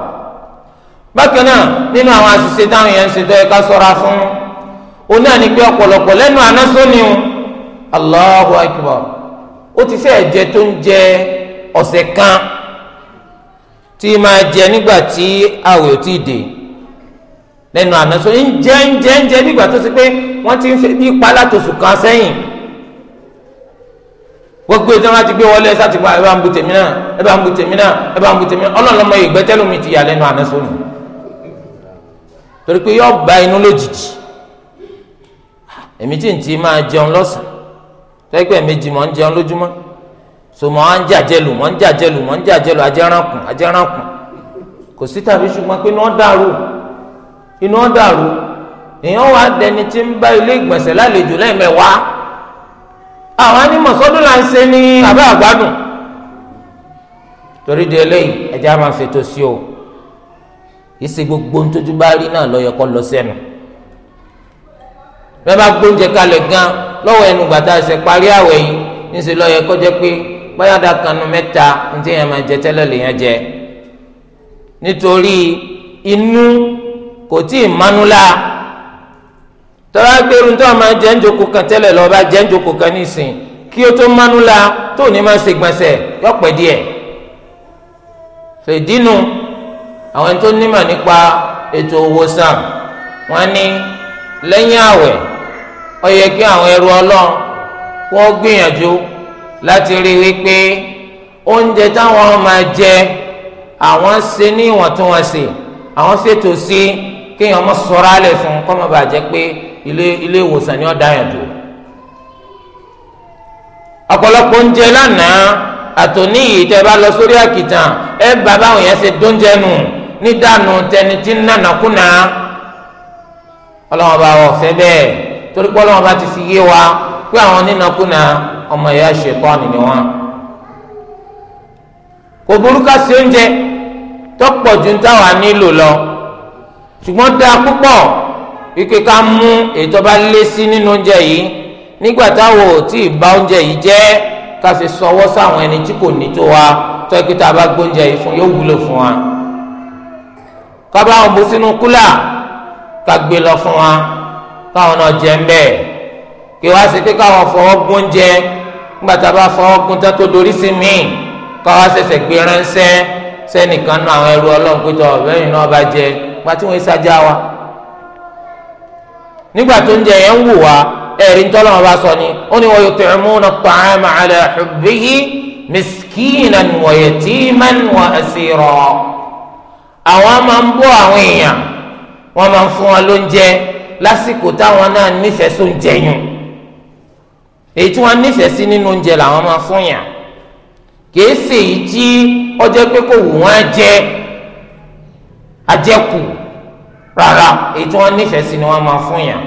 bákan náà nínú àwọn àṣìṣe táwọn yẹn ń ṣe tó yẹ ká ṣọ́ra fún o náà ní pé ọ̀pọ̀lọpọ̀ lẹ́nu anásóni o Allahu akbar ó ti fẹ́ẹ̀ jẹ tó ń jẹ ọ̀sẹ̀ kan tí máa jẹ nígbà tí àwẹ̀ ò tí ì dé lẹ́nu anásóni ń jẹ ń jẹ ń jẹ nígbà tó ṣe pé wọ́n ti ń fi bí pálá kan sẹ́yìn gbogbo ìtàn láti gbé wọlé ẹsẹ àti gba bá ń bu tèmi ń bu tèmi ń bu tèmi náà ìgbẹ́tẹ́lómi ti yà lẹ́nu àná torí pé yọ ba inú lójijì èmi tí n ti máa jẹun lọ́sàn-án tẹ́gbẹ́ méjì mọ̀ ń jẹun lójúmọ́ so mọ̀ á ń jàjẹlù mọ̀ ń jàjẹlù mọ̀ ń jàjẹlù kò sí tàbí ṣùgbọ́n àwọn n'i sọ́dún là ń ṣe ní àbá àgbádùn torí di eléyìí ẹja máa fètò o ìṣe gbogbo ntójú bá rí náà lọ́yọ̀ kọ́ lọ sẹ́nu bẹ́ẹ̀ bá gbóúnjẹ kalẹ̀ gan lọ́wọ́ ẹnu gbàtà ṣe parí àwẹ̀ yìí níṣẹ́ lọ́yọ̀ kọ́ jẹ́ pé báyàdà kanu mẹ́ta ní tí yẹn máa jẹ tẹ́lẹ̀ lèyàn jẹ nítorí inú kò tọ́lá gbèrú tó a máa jẹ́ ń joko kan tẹ́lẹ̀ lọ bá jẹ́ ń kan nísìn kí o tó mánú la tó ní máa ṣe gbọ̀nsẹ̀ yọpẹ̀ díẹ̀ fèdínú àwọn ẹni tó nímọ̀ nípa ètò owó sàn wọ́n ní lẹ́yìn àwẹ̀ ó yẹ kí àwọn ẹrú ọlọ́run wọ́n gbìyànjú láti rí wípé oúnjẹ táwọn máa jẹ àwọn ṣe ní ìwọ̀ntúnwọ̀nsì àwọn ṣètò sí kéèyàn mọ̀ sọ́ra lẹ̀ fún kọ́mọ̀bàjẹ́ pé ilé ilé ìwòsàn ni ọ̀dà yẹn dùn. ọ̀pọ̀lọpọ̀ oúnjẹ lánàá àtòní yìí tẹ́ bá lọ sórí àkìtàn ẹ bá báwọn yẹn ṣe dóúnjẹ nù nídàánú tẹni tí ń nànàkúnà ọlọ́wọ́n bá wọ̀ fẹ́ torí pé ọlọ́wọ́n ti fi yé wa pé àwọn ọmọ ìyá ni wọ́n. kò burúkú sí oúnjẹ tó pọ̀ ju táwa nílò lọ ṣùgbọ́n dáa wípé ká mú ètò bá lé sí nínú oúnjẹ yìí nígbà táwọn ò tí ì bá oúnjẹ yìí jẹ ká sì sanwó sáwọn ẹni tí kò ní tó wa tó ẹ pé tá a bá gbóúnjẹ yìí fún yóò wúlò fún wa ká bá wọn sínú kúlà ká gbé lọ fún wa káwọn náà jẹ ń bẹ́ẹ̀ kí wá sí pé káwọn fọwọ́ gbóúnjẹ nígbà tá a bá fọwọ́ gún tán tó dorí sí míì káwọn ṣẹ̀ṣẹ̀ gbé ránṣẹ́ sẹ́nìkan náà àwọn ẹrú ọlọ́run pé tọ́ ọ̀bẹ́yìn nígbà tó ń jẹ yẹn ń wù wá ẹ̀rí ntọ́lọ́ wọn bá sọ ni ó ní wa yut'imuna at'ama ala hubbihi miskinan wa yatiman wa asira àwọn máa ń bọ́ àwọn èèyàn wọ́n máa ń fún wọn lóúnjẹ lásìkò táwọn náà nífẹ̀ẹ́ sóúnjẹ yùn èyí tí wọ́n nífẹ̀ẹ́ sí nínú oúnjẹ làwọn máa fún yàn kìí ṣèyí tí ọjọ́ pé kò wù wọ́n á jẹ rárá èyí tí wọ́n nífẹ̀ẹ́ sí ni wọ́n máa fún yàn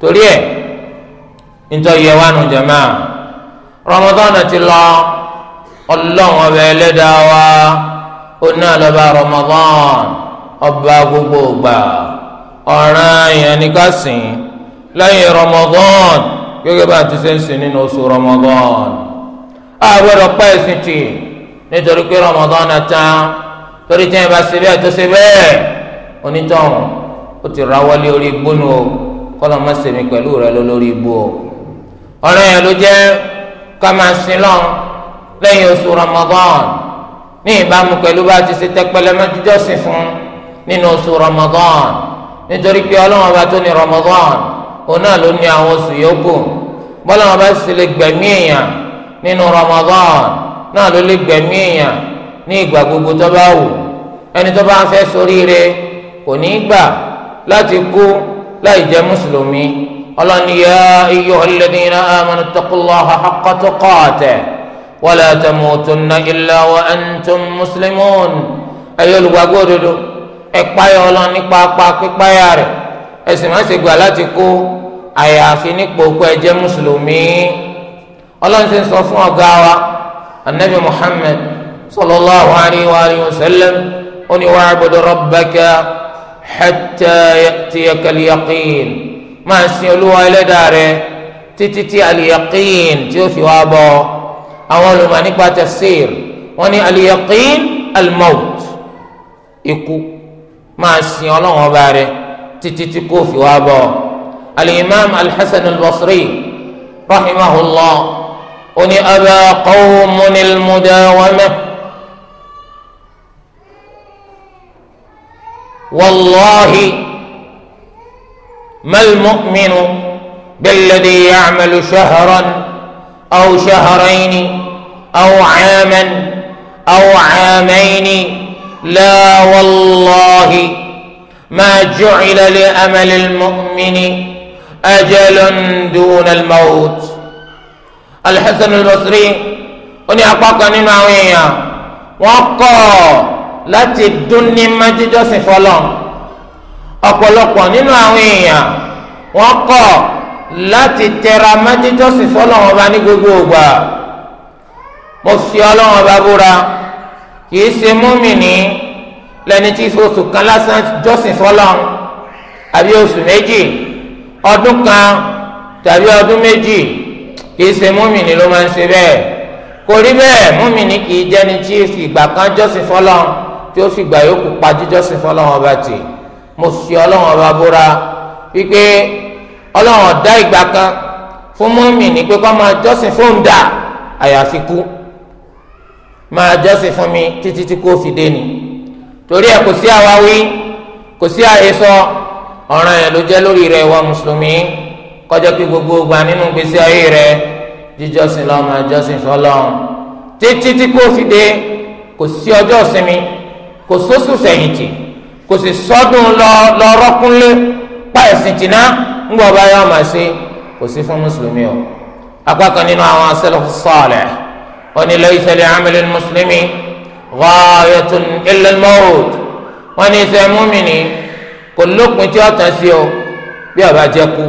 torí ẹ̀ nítorí ẹ wá nù jẹ̀mọ́ à Ramadan ti lọ ọlọ́run ọbẹ̀ ẹlẹ́dàá wa ó náà lọ́ba Ramadan ọba gbogbo gbà ọ̀ràn yẹn ni ká sìn lẹ́yìn Ramadan gẹ́gẹ́ bá a ti ṣe ń sìn nínú oṣù Ramadan àgbẹ̀rọ̀ pa ẹ̀sìn tì nítorí pé Ramadan tán torí tí ẹ bá ṣe bẹ́ẹ̀ tó ṣe bẹ́ẹ̀ onítọ̀hún ó ti rawọ́lé orí gbónú o kọ́lọ́ má sèmi pẹ̀lú rẹ lórí igbó o ọ̀rọ̀ yẹn ló jẹ́ ká máa sin lọ́n lẹ́yìn oṣù Ramadan ní ìbámu pẹ̀lú bá a ti ṣe tẹ́pẹ́lẹ́ mẹ́jọ sìn fún nínú oṣù Ramadan nítorí pé ọlọ́run ọba tó ní Ramadan òun náà ló ní àwọn oṣù yòókù bọ́lá bá sì lè gbẹ̀mí èèyàn nínú Ramadan náà ló lè gbẹ̀mí èèyàn ní ìgbà gbogbo tó bá wù ẹni tó bá ń fẹ́ ṣoríire kò ní í gbà láti kú láì jẹ́ mùsùlùmí ọlọ́ni yá iyọ̀ ọlẹ́dínlá amánú tọkùlọ́ àkọ́tọ́ kọ́ọ̀tẹ̀ wọlé àtẹmọ́tòna ilẹ̀ wa ẹ̀ńtọ́ mùsùlùmọ́ọ̀nù ẹ̀yọ́ olùgbàgbọ́ òdodo ẹ̀páyà ọlọ́ni pàápàá pípáyà rẹ̀ ẹ̀sìn má ṣe gbà láti kú àyàfi nípò pé ẹ mùsùlùmí ọlọ́ni ti sọ fún ọ̀gá wa anabi muhammed sallallahu alayhi wa sallam ó ní wàá gbọdọ̀ rọ́bàkà hatta ya'tiyaka al-yaqin máa sin olúwa ẹlẹ́dàá rẹ títí tí al-yaqin tí ó fi wá bọ̀ àwọn olùmọ̀ nípa tafsir wọ́n ní al-yaqin al-maut ikú máa sin ọlọ́run ọba rẹ títí tí kò fi wá bọ̀ al-imam al rahimahullah oní abẹ́ qawmunil mudawamah. والله ما المؤمن بالذي يعمل شهرا أو شهرين أو عاما أو عامين لا والله ما جعل لأمل المؤمن أجل دون الموت الحسن البصري أني أقاك نمعوية وأقاك láti dún ní májíjọ́sìn fọlọ́ ọ̀pọ̀lọpọ̀ nínú àwọn èèyàn wọ́n kọ̀ láti tẹra májíjọ́sìn fọlọ́ wọn bá ní gbogbo ògbà mo fi ọlọ́wọ́n bá búra kìí ṣe múmìnì lẹni tí oṣù kan lásán jọ́sìn fọlọ́ àbí oṣù méjì ọdún kan tàbí ọdún méjì kìí ṣe múmìnì ló máa ń ṣe bẹ́ẹ̀ kò rí bẹ́ẹ̀ múmìnì kìí jẹ́ni tí ìgbà kan jọ́sìn fọlọ́ tí ó fi gbà yòókù pa jíjọ́sìn fún ọlọ́run ọba tì mo fi ọlọ́run ọba búra wípé ọlọ́run ọ̀dá ìgbà kan fún mọ́mì ní pé kó máa jọ́sìn fún dà àyàfi kú máa jọ́sìn fún mi títí tí kò fi dé ni torí ẹ̀ kò sí àwa wí kò sí àhesọ ọ̀ràn ẹ̀ ló jẹ́ lórí rẹ̀ wá mùsùlùmí kọjá pé gbogbo gbà nínú gbèsè ayé rẹ̀ jíjọ́sìn lọ́ọ́ máa jọ́sìn fọlọ́run títí tí kò fi dé kò sí ọjọ́ ìsinmi kò sóṣù fẹ̀yìntì kò sì sọ́dún lọ́rọ́kúnlé pa ẹ̀sìn tìǹà ń gbọ́ bá yọ̀ máa ṣe kò sí fún mùsùlùmí o apá kan nínú àwọn asẹ́lẹ̀kù sọ̀ọ̀lẹ̀ wọn ni lẹ́yìn sẹ́lẹ̀ amẹ́lẹ́ mùsùlùmí ghayatun illa al-maut wọn ni sẹ́ múmìnì kò lópin tí ọ̀tàn sí o bí ọba jẹ́ kú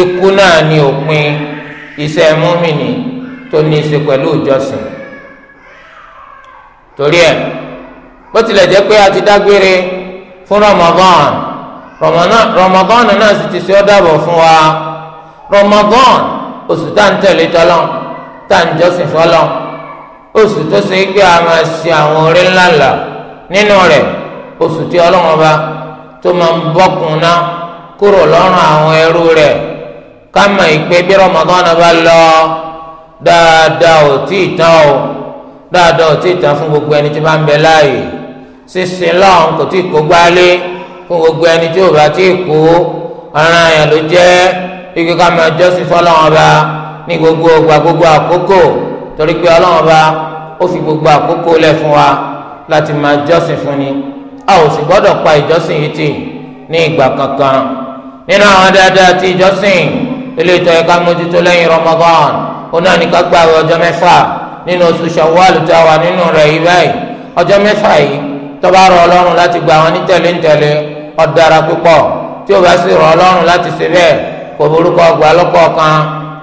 ikú náà ni òpin iṣẹ́ múmìnì tó ní í ṣe pẹ̀lú ìjọsìn torí ẹ̀ bó tilẹ̀ jẹ́ pé a ti dágbére fún Ramadan Ramadan náà sì ti ṣe ọ́ dàbọ̀ fún wa Ramadan oṣù tá à ń tẹ̀lé tọ́lọ́ tá à ń jọ́sìn fọ́lọ́ oṣù tó ṣe pé a máa ṣe àwọn orí ńlá ńlá nínú rẹ̀ oṣù tí ọlọ́wọ́n bá tó máa ń bọ́kùn ná kúrò lọ́rùn àwọn ẹrú rẹ̀ ká mọ̀ ìpè bí Ramadan bá lọ dáadáa ò tí ì tán o dáadáa ò tí ì tán fún gbogbo ẹni tí bá ń bẹ láàyè sísìn lọ́hùn kò tí kó gbálé fún gbogbo ẹni tí ò bá tí kú ọ̀ràn àyàn ló jẹ́ ike ká máa jọ́sìn fọlọ́hùn ọba ní gbogbo ọgbà gbogbo àkókò torí pé ọlọ́hùn ọba ó fi gbogbo àkókò lẹ̀ fún wa láti máa jọ́sìn fún ni a ò sì gbọ́dọ̀ pa ìjọ́sìn yìí tì ní ìgbà kankan nínú àwọn dáadáa ti ìjọ́sìn ilé ìtọ́ ẹ̀ka mójútó lẹ́yìn Ramadan oná ní ká gbààwẹ̀ ọjọ́ mẹ́fà nínú oṣù Ṣawwal tá wà nínú rẹ̀ yìí báyìí ọjọ́ mẹ́fà yìí tọ́ba rọ ọlọ́run láti gba àwọn nítẹ̀lé ńtẹ̀lé ọ̀dára púpọ̀ tí ó bá sì rọ ọlọ́run láti ṣe bẹ́ẹ̀ kò burúkọ ọgbà lọ́kọ̀ọ̀kan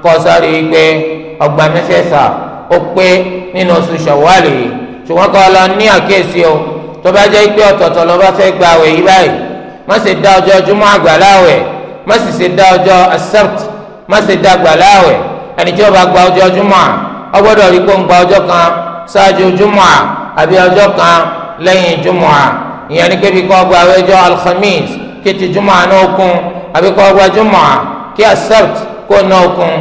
kọ́ sáré pé ọgbà mẹ́fẹ̀ẹ̀fà ó pé nínú oṣù ṣọ̀wálì ṣùgbọ́n kọ́ lọ ní àkíyèsí o tọ́ba jẹ́ pé ọ̀tọ̀ọ̀tọ̀ ló bá fẹ́ gba àwẹ̀ yí báyìí má sì dá ọjọ́ júmọ́ àgbà má sì sì dá ọjọ́ accept má sì dá àgbà ẹni tí ó bá gba ọjọ́ júmọ́ ọ rí pé ó ń gba ọjọ́ kan ṣáájú júmọ́ àbí ọjọ́ kan lẹ́yìn jumu'a ìyẹn ni kébi kọ́ gba ọjọ́ alhamis kéti jumu'a náà kún àbí kọ́ gba jumu'a kí asept kó náà kún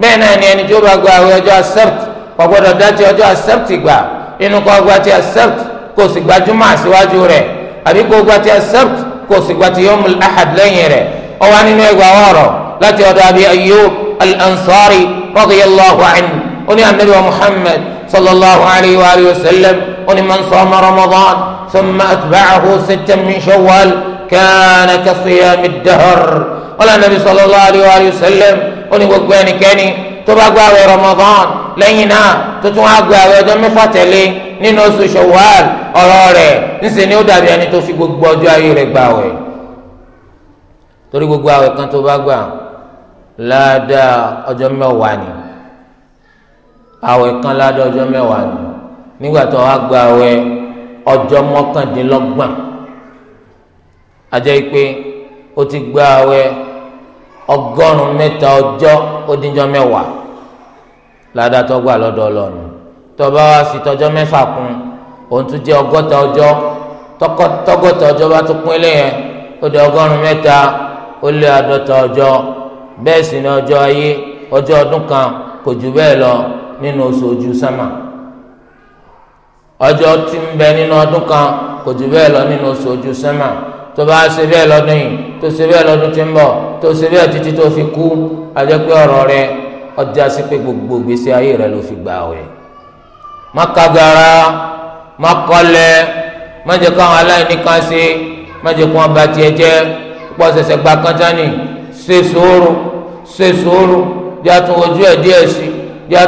bẹ́ẹ̀ náà ni ẹni tí ó bá gba ọjọ́ asept kò gbọ́dọ̀ dá ti ọjọ́ asept gbà inú kọ́ gba ti asept kò sì gba jumu'a síwájú rẹ̀ àbí kó gba ti asept kò sì gba ti yomul ahad lẹ́yìn rẹ̀ ó wà nínú ẹgbàá ọ̀rọ̀ láti ọ̀dọ̀ Abi Ayyub al-Ansari radiyallahu ó ní anabi wa Muhammad sallallahu alayhi wa sallam ó ní man sọma Ramadan thumma atba'ahu sittan min Shawwal kana ka siyami dahr ó lànà Nabi sallallahu alayhi wa sallam ó ní gbogbo ẹnikẹ́ni tó bá gbààwẹ̀ Ramadan lẹ́yìn náà tó tún á gbààwẹ̀ ọjọ́ mẹ́fà tẹ̀lé nínú oṣù Shawwal ọ̀rọ̀ rẹ̀ ńṣe ni ó dàbí ẹni tó fi gbogbo ọjọ́ ayé rẹ̀ gbààwẹ̀ torí gbogbo àwẹ̀ kan tó bá gbà ládàá ọjọ́ mẹ́wàá ni àwẹ̀ kan ládàá ọjọ́ mẹ́wàá ni nígbà tó wá gba àwẹ̀ ọjọ́ mọ́kàndínlọ́gbọ̀n ajẹ́ pé ó ti gba àwẹ̀ ọgọ́rùn-ún mẹ́ta ọjọ́ ó díjọ́ mẹ́wàá ládàá tó gbà lọ́dọ̀ ọlọ́run tó bá wá sí tọjọ́ mẹ́fà kún òun tún jẹ́ ọgọ́ta ọjọ́ tọ́gọ́ta ọjọ́ bá tún pín lẹ́yìn ó di ọgọ́rùn mẹ́ta ó lé àádọ́ta ọjọ́ bẹ́ẹ̀ sì ni ọjọ́ ayé ọjọ́ ọdún kan kò jù bẹ́ẹ̀ lọ nínú oṣù ojú ọjọ́ tí ń bẹ nínú ọdún kan kò jù bẹ́ẹ̀ lọ nínú oṣù ojú sẹ́mà tó bá ṣe bẹ́ẹ̀ lọ́dún yìí tó ṣe bẹ́ẹ̀ lọ́dún tí ń bọ̀ tó ṣe bẹ́ẹ̀ títí tó fi kú àjẹpẹ́ ọ̀rọ̀ rẹ ọjà sí pé gbogbo ìgbésí ayé rẹ ló fi gbà wẹ̀. má kagara má kọlẹ̀ má jẹ́ káwọn aláìní kan ṣe má jẹ́ kó wọn ba tiẹ̀ jẹ́ pọ̀ ṣẹ̀ṣẹ̀ gba kántánì ṣe sùúrù ṣe sùúrù jẹ́ ẹ̀ díẹ̀ sí jẹ́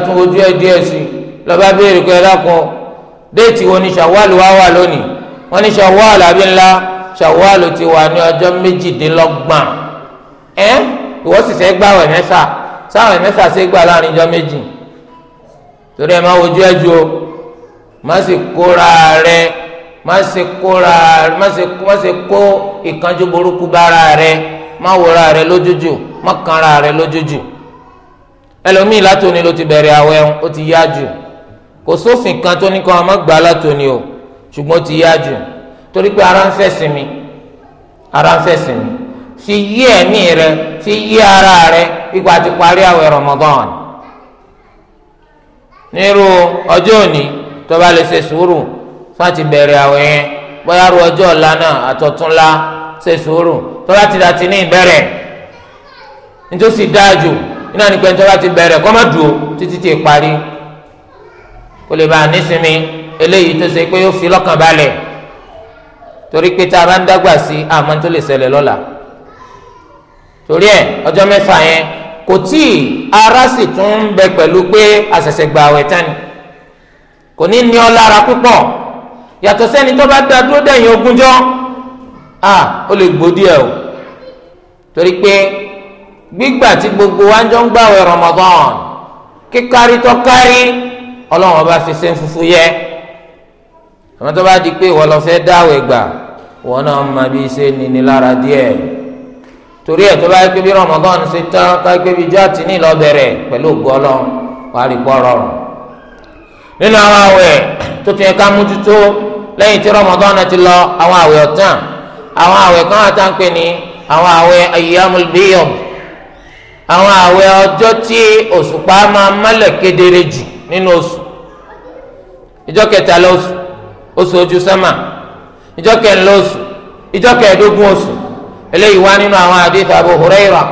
ẹ̀ díẹ̀ sí lọ́ba béèrè kọ́ ẹ dákun déètì wo ni ṣàwálù wá wà lónìí wọ́n ní ṣàwálù àbí ńlá ṣàwálù ti wà ní ọjọ́ méjìdínlọ́gbọ̀n ẹ ìwọ sì fẹ́ gbà wẹ̀ mẹ́fà sáwọn mẹ́fà ṣe gbà láàrin ọjọ́ méjì torí ẹ má wojú ẹ ju o má sì kóra rẹ má sì kóra má sì má sì kó ìkánjú burúkú bára rẹ má wòra rẹ lójújù má kanra rẹ lójújù ẹlòmíì látòní ló ti bẹ̀rẹ̀ àwẹ̀ ó ti yá jù kò sófin kan tó ní kan ọmọ gbà látòní o ṣùgbọ́n ti yá jù torí pé ara ń fẹ́ sinmi ara ń fẹ́ sinmi fi yí ẹ̀mí rẹ fi yí ara rẹ ipa ti parí àwẹ̀ Ramadan nírú ọjọ́ òní tó bá lè ṣe sùúrù fún àti bẹ̀rẹ̀ àwẹ̀ yẹn bóyá ru ọjọ́ ọ̀la náà àtọ̀túnla ṣe sùúrù tó bá ti dàtí ní ìbẹ̀rẹ̀ nítòsí dáa jù iná nípa bá ti bẹ̀rẹ̀ kọ́ títí tí parí kó lè bá a nísinmi eléyìí tó ṣe pé yóò fi lọ́kàn balẹ̀ torí pé tá a bá ń dágbà sí àmọ́ tó lè ṣẹlẹ̀ lọ́la torí ẹ ọjọ́ mẹ́fà yẹn kò tí ara sì tún ń bẹ pẹ̀lú pé àṣẹ̀ṣẹ̀ gbà àwẹ̀ tán ni kò ní ní ọ lára púpọ̀ yàtọ̀ sẹ́ni tó bá dá dúró dẹ̀yìn ogúnjọ́ a ó lè gbó díẹ̀ o torí pé gbígbà tí gbogbo wa ń jọ ń gbàwẹ̀ Ramadan kíkárí tó kárí ọlọ́run ọba fi ṣe fufu yẹ àmọ́ tó bá di pé ìwọ lọ fẹ́ dáwẹ̀ gbà wọn náà mọ bí ṣe níní lára díẹ̀ torí ẹ̀ tó bá gbé bí Ramadan ṣe tán ká gbé bí jọ́ àtìní lọ bẹ̀rẹ̀ pẹ̀lú ògo ọlọ́run wàá rí pọ́ rọrùn nínú àwọn àwẹ̀ tó ti yẹ ká mójútó lẹ́yìn tí Ramadan ti lọ àwọn àwẹ̀ ọ̀tàn àwọn àwẹ̀ kan wà tá ní àwọn àwẹ̀ ayyamul àwọn àwẹ̀ ọjọ́ tí òṣùpá máa mọ́lẹ̀ kedere jù nínú oṣù ìjọ kẹta lóṣù oṣù ojú sánmà ìjọ kẹrin lóṣù ìjọ kẹẹ̀ẹ́dógún oṣù eléyìí wá nínú àwọn hadith Abu Huraira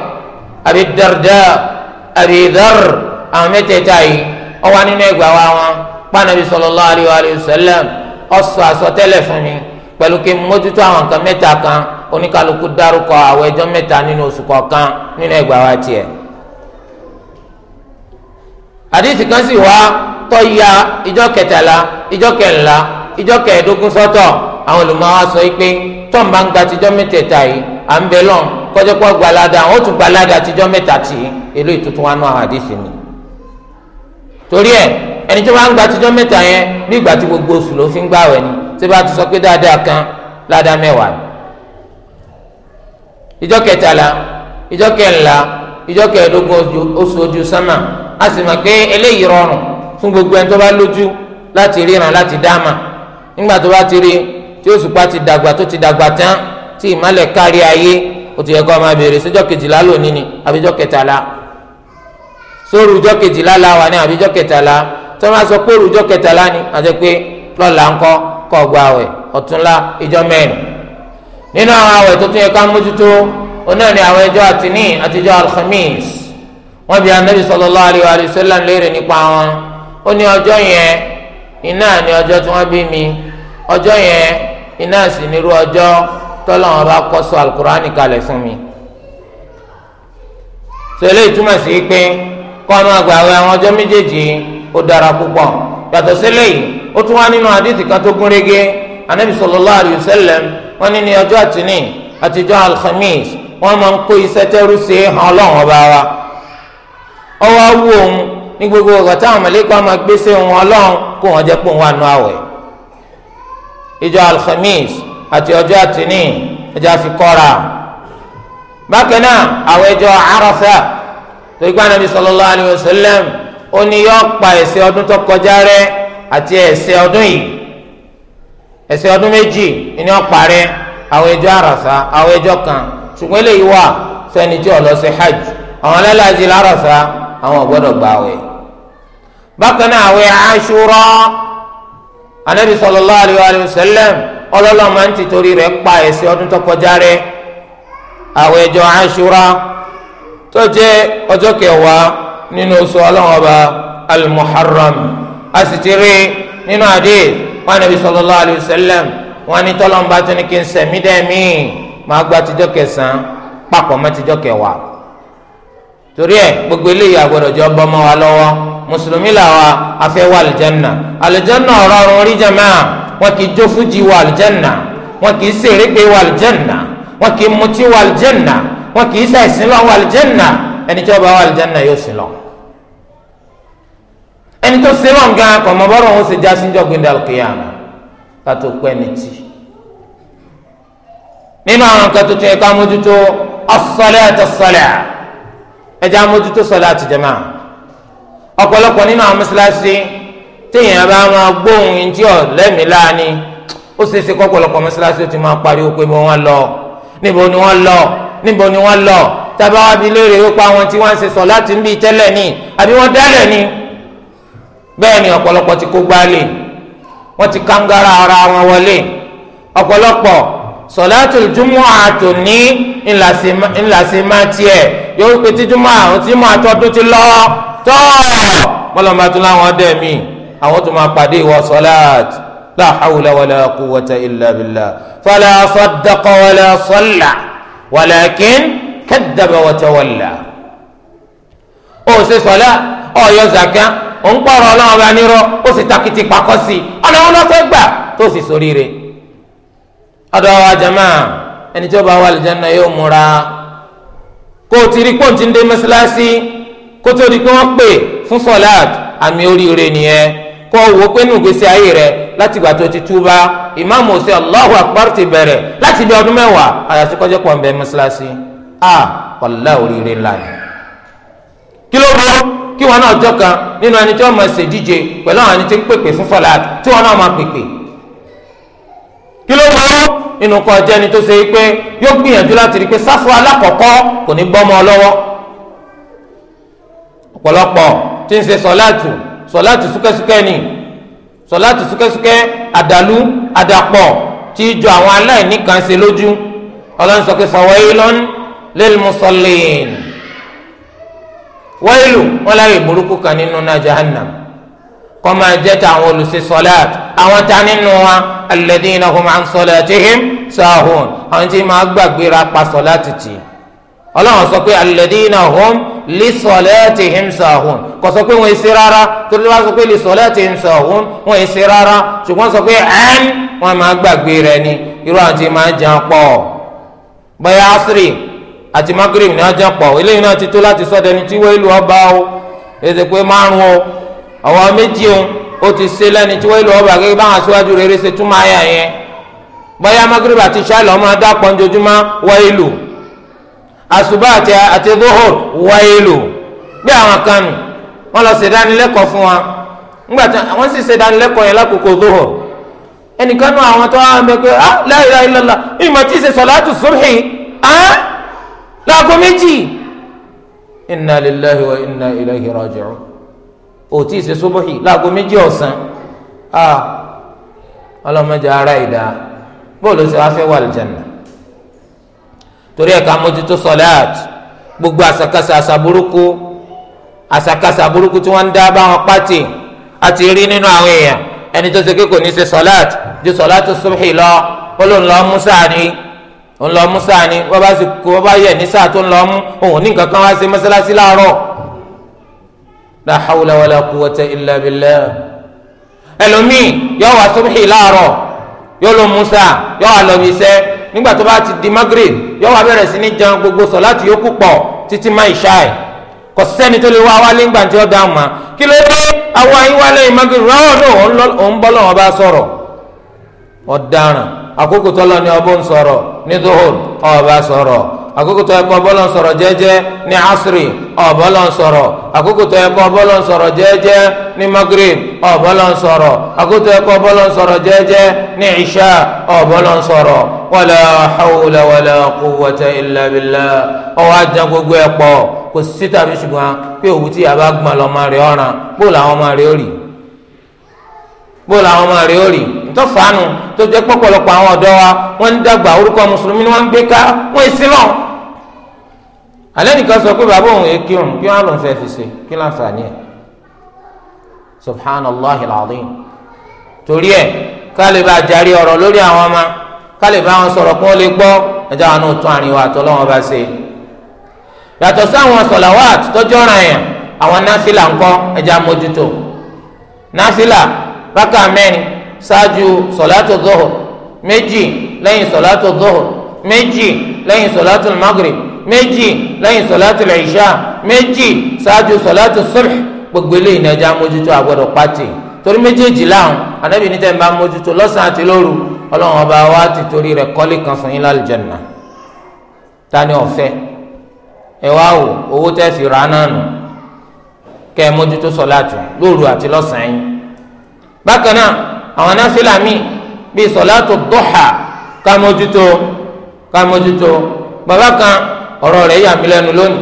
Abi Darda Abi Dhar àwọn mẹ́tẹ̀ẹ̀ta yìí ó wà nínú ẹgbà wa wọn pànàbí sallallahu alayhi wa sallam ọsọ àsọtẹ́lẹ̀ fún mi pẹ̀lú kí n mójútó àwọn nǹkan mẹ́ta kan oníkálukú dárúkọ àwọn ẹjọ́ mẹ́ta nínú oṣù kọ̀ọ̀kan nínú ẹgbà wa tiẹ̀. hadith kan sì wá tọ́ya ìjọ kẹtàlá ìjọ kẹńlá ìjọ kẹẹ̀ẹ́dógún sọ́tọ̀ àwọn olùmọ̀ọ́ sọ pé tọ́m bá ń gba tijọ́ mẹ́tẹ̀ẹ̀ta yìí à ń bẹ lọ́n kọjá pọ̀ gbalada àwọn tún gbalada tijọ́ mẹ́ta tì í èlò ìtuntun wa nù àdìsí ni. torí ẹ ẹni tí wọn gba tijọ́ mẹ́ta yẹn ní ìgbà tí gbogbo oṣù ló fi ń gbàwẹ̀ ni ṣé bá ti sọ pé dáadáa kan ládàá mẹ́wàá ìjọ kẹtàlá ìjọ kẹńlá ìjọ kẹẹ̀ẹ́dógún oṣù ojú sánmà a sì mọ̀ pé eléyìí rọrùn fún gbogbo ẹni tó bá lójú láti ríran láti dáàmà nígbà tó bá ti rí tí òṣùpá ti dàgbà tó ti dàgbà tán tí ìmọ̀lẹ̀ kárí ayé ó ti yẹ kó máa béèrè síjọ́ kejìlá lónìí ni àbíjọ́ kẹtàlá sóòrù jọ́ kejìlá la wà ní àbíjọ́ kẹtàlá tó máa sọ pé òrùjọ́ kẹtàlá ni àti pé lọ́la ńkọ́ kọ́ ọgbà àwẹ̀ ọ̀túnla ìjọ mẹ́rin nínú àwọn àwẹ̀ tó tún yẹ ká mójútó onáà ni àwọn ẹjọ́ àtìní àtijọ́ alhamis wọ́n bi anabi sallallahu alaihi wa sallam léèrè nípa wọn ó ní ọjọ́ yẹn iná ni ọjọ́ tí wọ́n bí mi ọjọ́ yẹn iná sì nírú ọjọ́ tọ́lọ́wọ́n bá kọ́ sọ alukur'ani kalẹ̀ fún mi tẹ̀lé ìtumọ̀ sí pé kọ́ ọmọ àgbà àwọn àwọn ọjọ́ méjèèjì ó dára púpọ̀ yàtọ̀ sílẹ̀ yìí ó tún wá nínú àdìsí kan tó gún anabi sallallahu alayhi wa sallam ní ní ọjọ́ àtìní àtijọ́ alhamis wọn máa ń kó iṣẹ́ tẹ́rù sí ọlọ́run ọba wa ọwọ́ awú òun ní gbogbo ọ̀gá táwọn mọ̀lẹ́kọ̀ máa gbé sí wọn ọlọ́run kó wọn jẹ́ pé wọn àánú àwẹ̀ ìjọ alhamis àti ọjọ́ àtìní ẹjọ́ àfikọ́ra bákan náà àwọn ẹjọ́ Arafa tó igbá nàbí sallallahu alayhi wa sallam ó ní yọ pa ẹ̀ṣẹ̀ ọdún tó kọjá rẹ àti ẹ̀ṣẹ̀ ọdún yìí ẹ̀ṣẹ̀ ọdún méjì ni wọ́n parẹ́ àwọn ẹjọ́ Arafa àwọn ẹjọ́ kan ṣùgbọ́n eléyìí wà sẹ́ni tí ó lọ sí hajj àwọn àwọn ò gbọ́dọ̀ gbààwẹ̀ bákan náà àwẹ̀ aṣúrà anabi sallallahu alayhi wa sallam ọlọ́lọ́ máa ń ti torí rẹ̀ pa ẹ̀ṣẹ̀ ọdún tó kọjá rẹ̀ àwẹ̀ ẹjọ́ aṣúrà tó jẹ́ ọjọ́ kẹwàá nínú oṣù ọlọ́wọ́n ọba al-muharram nínú àdéhì wọn anabi sallallahu alayhi wa wọn ní tọ́lọ́mbà tó kí n sẹ̀mí dẹ́mí màá gba tijọ́ kẹsàn-án mọ́ tijọ́ kẹwàá torí ẹ̀ gbogbo eléyìí àgbọ̀dọ̀ jọ bọ́ mọ́ wa lọ́wọ́ mùsùlùmí làwa afẹ́ wà àlùjánnà àlùjánnà ọ̀rọ̀rùn orí jama wọn kì í jó fújì wà àlùjánnà wọn kì í ṣèrégbè wà àlùjánnà wọn kì í mutí wà àlùjánnà wọn kì í ṣàìsìn lọ wà àlùjánnà ẹni tí wọn bá wà àlùjánnà yóò sìn lọ ẹni tó ṣe lọ nǹkan kọ̀mọ́ bọ́rọ̀ òun ṣe já síjọ́ gbẹ̀dàlùkìyàmù kátó pẹ́ ní tì nínú àwọn nǹkan tuntun ẹ̀ka mójútó as-salatu as-salat ẹ̀jẹ̀ amójútó sọlá àtijọ́mọ́ ọ̀pọ̀lọpọ̀ nínú àwọn mọ́sálásí téèyàn bá máa gbóhùn ìdí ọ̀lẹ́mìí láàánú ó ṣe é ṣe kọ́pọ̀lọpọ̀ mọ́sálásí ó ti máa pariwo pé mo wọ́n lọ níbo ni wọ́n lọ níbo ni wọ́n lọ tàbí wọ́n bi léèrè wípé àwọn tí wọ́n ṣe sọ láti ń bí tẹ́lẹ̀ ni àbí wọ́n dálẹ̀ ni bẹ́ẹ̀ ni ọ̀pọ̀lọpọ̀ ti kó gbálẹ̀ wọ́n ti kángára ara wọn wọlé ọ̀pọ̀lọpọ̀ sọ̀láàtù júmọ́ àtò ní ńlàsímá tiẹ̀ yóò pe tí júmọ́ àtọ́dún ti lọ́ọ́ tọ́ bọ́lọ́mọba tún láwọn ọdẹ mi àwọn tó máa pàdé ìwọ sọ́láàt la hawla wala quwwata illa billah fala saddaqa wala salla walakin kaddaba wa tawalla. ó ṣe sọ́lá ọ̀yọ́ zaka ó ń pọ̀rọ̀ ọlọ́run bá nírọ̀ ó sì takìtì pakọ́ sí ọ̀nà wọn lọ́fẹ́ gbà tó sì soríire. ọ̀dọ̀ wa ẹni tí ó bá wà lìjánná yóò múra kó o ti rí pọ́ǹtì ń dé mọ́sálásí kótó di pé wọ́n pè fún sọ́láàt àmì oríire nìyẹn kó o wò pé nùgbésí ayé rẹ láti gbà tó ti túbà ìmáàmù ọ̀sẹ̀ Allahu Akbar ti bẹ̀rẹ̀ láti bí ọdún mẹ́wàá àyàfi kọjá pọ̀ nbẹ mọ́ṣáláṣí a wàlá oríire ńlá ni. kí ló burú kí wọn náà jọ kan nínú ẹni tí wọn máa ṣe díje pẹ̀lú àwọn ẹni tí ń pèpè fún sọ́láàt tí wọn náà máa pèpè kí ló burú nínú kọjá ẹni tó ṣe pé yóò gbìyànjú láti rí pé sáfù alákọ̀ọ́kọ́ kò ní gbọ́mọ lọ́wọ́ ọ̀pọ̀lọpọ̀ tí ń ṣe sọ̀láàtù sọ̀láàtù súkẹ́súkẹ́ ni sọ̀láàtù súkẹ́súkẹ́ àdàlú àdàpọ̀ tí jọ àwọn aláìní kan ṣe lójú ọlọ́run sọ pé fawailun lil musallin wáìlù wọn láyè burúkú kan nínú náà jahannam kọ́ máa jẹ́ tàwọn olùṣe sọ̀láàtù àwọn ta nínú wa alladhina hum an salatihim sahun àwọn tí máa gbàgbéra pa sọ̀láàtù tì í ọlọ́run sọ pé alladina hum li salatihim sahun kò sọ pé wọ́n ṣe rárá torí wọ́n sọ pé li salatihim sahun wọ́n ṣe rárá ṣùgbọ́n sọ pé ẹ̀ẹ́n wọ́n máa gbàgbé rẹ̀ ni irú àwọn tí máa jẹun pọ̀ bẹ́ẹ̀ asiri àti magrib ni wọ́n jẹun pọ̀ eléyìí náà ti tó láti sọ dẹni tí wọ́n ìlú ọba o ètò pé márùn o àwọn méjì o ó ti ṣe lẹ́ni tí wọ́n ìlú ọba gẹ́gẹ́ báwọn aṣíwájú rere ṣe túmọ̀ ayà yẹn bẹ́ẹ̀ magrib àti ṣáìlì ọmọ adápọ̀ ojoojúmọ́ wọ́n ìlú àṣùbà àti àti dhuhur wáyélu gbé àwọn kan nù wọ́n lọ ṣèdánilẹ́kọ̀ọ́ fún wa ńgbà tí wọ́n sì ṣèdánilẹ́kọ̀ọ́ yẹn lákòókò dhuhur ẹnìkan nù àwọn tó wà mẹ pé ah la ilaha illallah ìmọ̀ tí ì ṣe salatu subhi ah láago méjì inna lillahi wa inna ilayhi raji'un ò tí ì ṣe láago méjì ọ̀sán ah, ọlọ́mọdé ara ìdá bóòlù sí wàá fẹ́ wà lìjànà torí ẹ̀ka mójútó sọ̀láàt gbogbo àṣàkáṣà àṣàbúrúkú àṣàkáṣà àbúrúkú tí wọ́n ń dá báwọn pátì àti rí nínú àwọn èèyàn ẹni tó ṣe kéko ní ṣe sọ̀láàt ju sọ̀láàt subhi lọ ó ló ń lọ mú sáà ni ó ń lọ mú sáà ni wọ́n bá sì kó wọ́n bá yẹ ní sáà tó ń lọ mú òun ní nǹkan kan wá sí mọ́sálásí láàárọ̀ la hawla wala quwwata illa billah ẹlòmíì yọ wá subhi láàárọ̀ yọ ló mú sáà yọ wá lọ bí sẹ́ẹ́ nígbà tó bá ti di magrib yóò wá bẹ̀rẹ̀ sí ní jẹun gbogbo sọ láti yókù pọ̀ títí má ìṣáì kò sẹ́ni tó lè wá wálé ńgbà tí ó dáhùn ma kí ló dé àwọn ayé wálé magrib ráwọn náà òun bọ́ lọ́wọ́ bá sọ̀rọ̀ ọ̀daràn àkókò tọ́lọ́ ni ọbọ̀ ń sọ̀rọ̀ ní duhur ọba sọ̀rọ̀ àkókò tó yẹ kó bọ́lọ̀ ń sọ̀rọ̀ jẹ́jẹ́ ní asiri ọ̀bọ́lọ̀ ń sọ̀rọ̀ àkókò tó yẹ kó bọ́lọ̀ ń sọ̀rọ̀ jẹ́jẹ́ ní magrib ọ̀bọ́lọ̀ ń sọ̀rọ̀ àkókò tó yẹ kó bọ́lọ̀ isha ọ̀bọ́lọ̀ ń wala hawla wala quwwata illa billah ọwọ́ ajá gbogbo ẹ̀ kò sí tàbí ṣùgbọ́n pé òwú tí yàrá gbọ́n lọ́ọ́ máa rí ọ̀ràn bó làwọn máa rí ó bó làwọn ọmọ rẹ̀ ó rì ntọ́fàánù tó jẹ́ pọ̀pọ̀lọpọ̀ àwọn ọ̀dọ́ wa wọ́n ń dàgbà orúkọ mùsùlùmí ni wọ́n ń gbé ká wọ́n èsì lọ. alẹ́ nìkan sọ pé bàbá òun èké òun kí wọ́n lọ fẹ́ fi ṣe kí láǹfààní ẹ̀ subhanallah alazim torí ẹ̀ ká lè bá jarí ọ̀rọ̀ lórí àwọn ọmọ ká lè bá wọn sọ̀rọ̀ kí wọ́n lè gbọ́ ẹja wọn náà tún àrìn wa àtọ́lọ́wọ́n bá ṣe rákà mẹ́rin ṣáájú sọ̀látò dọ́hùr méjì lẹ́yìn sọ̀látò dọ́hùr méjì lẹ́yìn sọ̀látò magrib méjì lẹ́yìn sọ̀látò ìṣá méjì ṣáájú sọ̀látò subh gbogbo eléyìí ní ẹja mójútó àgbọ̀dọ̀ pàtì torí méjèèjì láwọn anábì níta ẹ̀ máa mójútó lọ́sàn-án àti lóru ọlọ́run ọba wa ti torí rẹ̀ kọ́lé kan fún yín lálùjànnà tani ọ̀fẹ́ ẹ wá wò owó tẹ́ fi rà náà nù mójútó sọ̀látò lóru àti lọ́sàn-án yín bákan náà àwọn násìlà míì bíi sọ̀látù dọ́hà ká mójútó ká mójútó bàbá kan ọ̀rọ̀ rẹ̀ yà mí lẹ́nu lónìí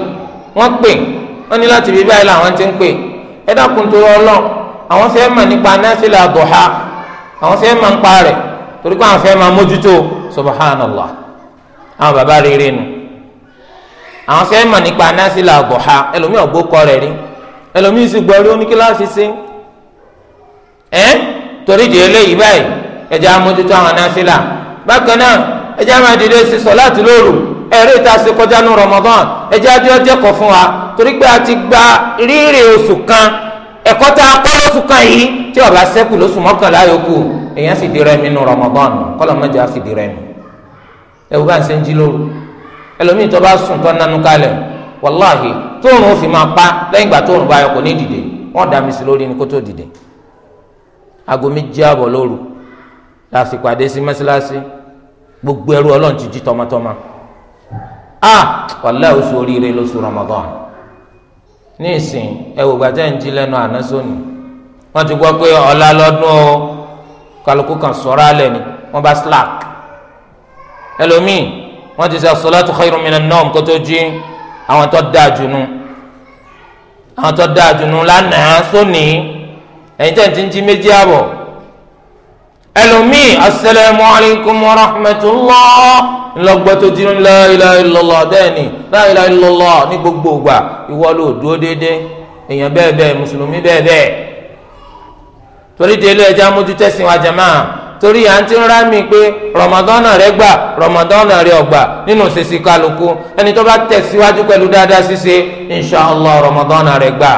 wọ́n pè wọ́n ní láti bí báyìí làwọn ti ń pè ẹ dákun tó ọlọ́ àwọn fẹ́ mọ̀ nípa násìlà dọ́hà àwọn fẹ́ mọ̀ nípa rẹ̀ torí pé àwọn fẹ́ máa mójútó subahánàlá àwọn bàbá rere nu àwọn fẹ́ mọ̀ nípa násìlà dọ́hà ẹlòmíì ọ̀gbọ́kọ rẹ̀ rí ẹlòmíì sì gbọ́ rí oníkíláàsì sí ẹ torí di eléyìí báyìí ẹjẹ amójútó àwọn anáfíà bákan náà ẹjẹ àwọn àdìdẹ sí sọláàtì lóru ẹrí ìta sí kọjá ní Ramadan ẹjẹ adé ọjẹ fún wa torí pé a ti gba rírì oṣù kan ẹ̀kọ́ tá a lóṣù kan yìí tí ọba ṣẹ́kù lóṣù yòókù èèyàn sì di rẹmi ní kọlọ á di rẹmi bá ń ṣe aago méjì àbọ̀ lóru la sì pàdé sí mọ́sálásí gbogbo ẹrú ọlọ́run ti jí tọmọtọmọ a wàlẹ́ oṣù oríire lóṣù Ramadan ní ìsìn ẹ wò gbàtẹ́ ń jí lẹ́nu àná sóni wọ́n ti gbọ́ pé ọ̀la lọ́dún o kálukú kan sọ̀rọ̀ alẹ́ ni wọ́n bá slack ẹlòmíì wọ́n ti sọ as-salatu khayrun minan nawm kó tó jí àwọn tó dáa jùnú àwọn tó dáa jùnú lánàá sóni. So ẹ̀yin tẹ̀ ti ń jí méjì àbọ̀ ẹlòmíì asalaamu alaykum wa rahmatulah ńlọgbọ́ tó dín ní la ilaha illallah bẹ́ẹ̀ni la ilaha illallah ní gbogbo ìgbà ìwọ ló dúró déédéé èèyàn bẹ́ẹ̀ bẹ́ẹ̀ mùsùlùmí bẹ́ẹ̀ bẹ́ẹ̀ torí délé ẹja mójútẹ́sìn wa jàmáà torí à ń ti rán mi pé rọmọdọ́nà rẹ gbà rọmọdọ́nà rẹ ọgbà nínú ṣèṣì kálukú ẹni tó bá tẹ̀síwájú pẹ̀lú dáadáa ṣíṣe inṣàlá rọmọdọ́nà rẹ gbà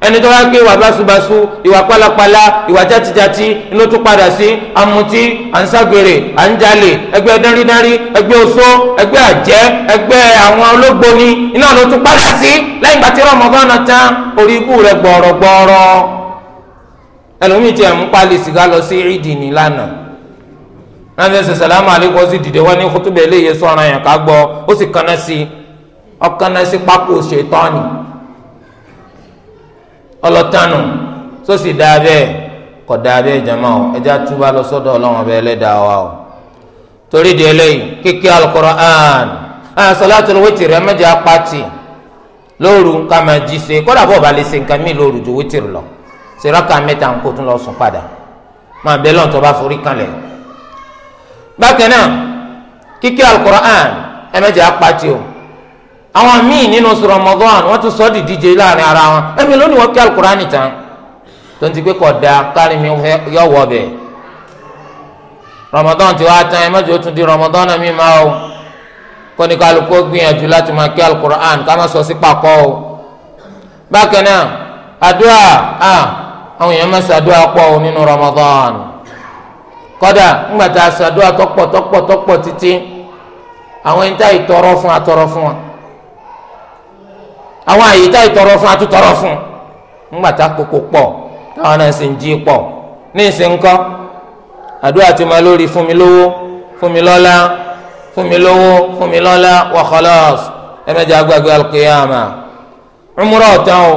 ẹni tó wá pé ìwà báṣubàṣu ìwà pálapàla ìwà játijàti ló tún padà sí amutí ànságbèrè ànjalè ẹgbẹ́ dáridári ẹgbẹ́ oṣó ẹgbẹ́ àjẹ́ ẹgbẹ́ àwọn ológboni iná ló tún padà sí lẹ́yìn ìgbà tí Ramadan tán orí ikú rẹ̀ gbọ̀rọ̀ gbọ̀rọ̀ ẹlòmíì tiẹ̀ ń palẹ̀ sìgá lọ sí ìdì ní lánàá láti ẹsẹ̀ sàlámù àlékún ó sì dìde wọn ní kótóbẹ̀ eléyè sọ̀rọ̀ yẹn ká gbọ́ ó sì kanná sí ọkànná sí pákó ṣètọ́ni ọlọ́tànù sósì dáa bẹ́ẹ̀ kọ̀ dáa bẹ́ẹ̀ jama o ẹja túbà lọ sọ́dọ̀ ọlọ́wọ́n bẹ́ẹ̀ lẹ́dàá wa o torí di eléyìí kíké al-Qur'an àwọn salatul witr ẹ mẹ́jọ apáti lóru nǹkan máa jí ṣe kódà bó ba lè ṣe nǹkan mí lóru ju witr lọ sèrọ́kà mẹ́ta ń kó tún lọ sùn padà máa bẹ́ẹ̀ lọ́n tó bá forí kanlẹ̀ bákan náà kíké al-Qur'an ẹ mẹ́jọ apáti o àwọn míì nínú oṣù Ramadan wọ́n tún sọ dídíje láàrin ara wọn ẹ̀mí lónìí wọ́n kí alukurani tán tó ń ti pé kódà kárí mi yọ wọ bẹ̀ Ramadan ti wá tán ẹ mẹ́jọ tún di Ramadan náà mi máa o kọ́ni kálukú gbìyànjú láti máa kí alukurani ká má sọ sí pàkọ́ o bákan náà àdúrà àwọn èèyàn máa ṣàdúrà pọ̀ o nínú Ramadan kódà ńgbà tá a ṣàdúrà tọ́pọ̀ tọ́pọ̀ tọ́pọ̀ títí àwọn ẹni tá ìtọrọ fún atọrọ fún wọn àwọn àyè tá ìtọrọ fún atútọrọ fún ńgbà tá koko pọ táwọn náà sì ń jí pọ ní ìsìnkọ àdúrà tí ma lórí fún mi lówó fún mi lọ́lá fún mi lówó fún mi lọ́lá wa khalas ẹ̀mẹ́jọ agbàgbé alqiyama umrah ọ̀tán o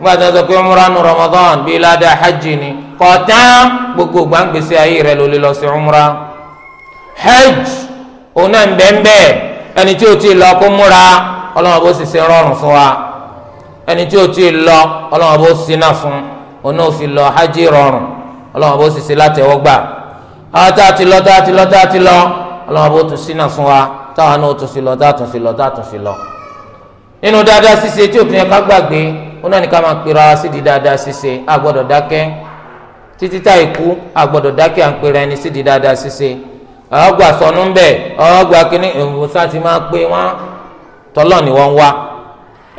ńgbà tí wọ́n sọ pé umrah nu ramadan bíi ládàá hajj ni kọ̀ọ̀tán gbogbo gbàǹgbèsè ayé rẹ̀ ló lè lọ sí umrah hajj ọ̀nà ń ẹni tí o ti lọ kó múra ọlọ́wọ́n bó sì ṣe rọrùn fún wa ẹni tí ó ti lọ ọlọ́wọ́n bó sì náà fún oní òfin lọ hajj rọrùn ọlọ́wọ́n bó sì ṣe látẹ̀wọ́gbà àwọn tá a ti lọ tá a ti lọ tá a ti lọ ọlọ́wọ́n bó tún sí náà fún wa táwọn náà tún fi lọ tá a tún fi lọ tá a tún fi lọ. nínú dáadáa ṣíṣe tí òtún yẹn ká gbàgbé ó náà ní ká máa pera sí di dáadáa ṣíṣe a gbọ́dọ̀ dákẹ́ títí tá ikú a gbọ́dọ̀ dákẹ́ à ń pera ẹni sí di dáadáa ṣíṣe ọgbà sọnù ń bẹ ọgbà kínní ìwòsàn ti máa pé wọn tọ́lọ́ ni wọ́n ń wá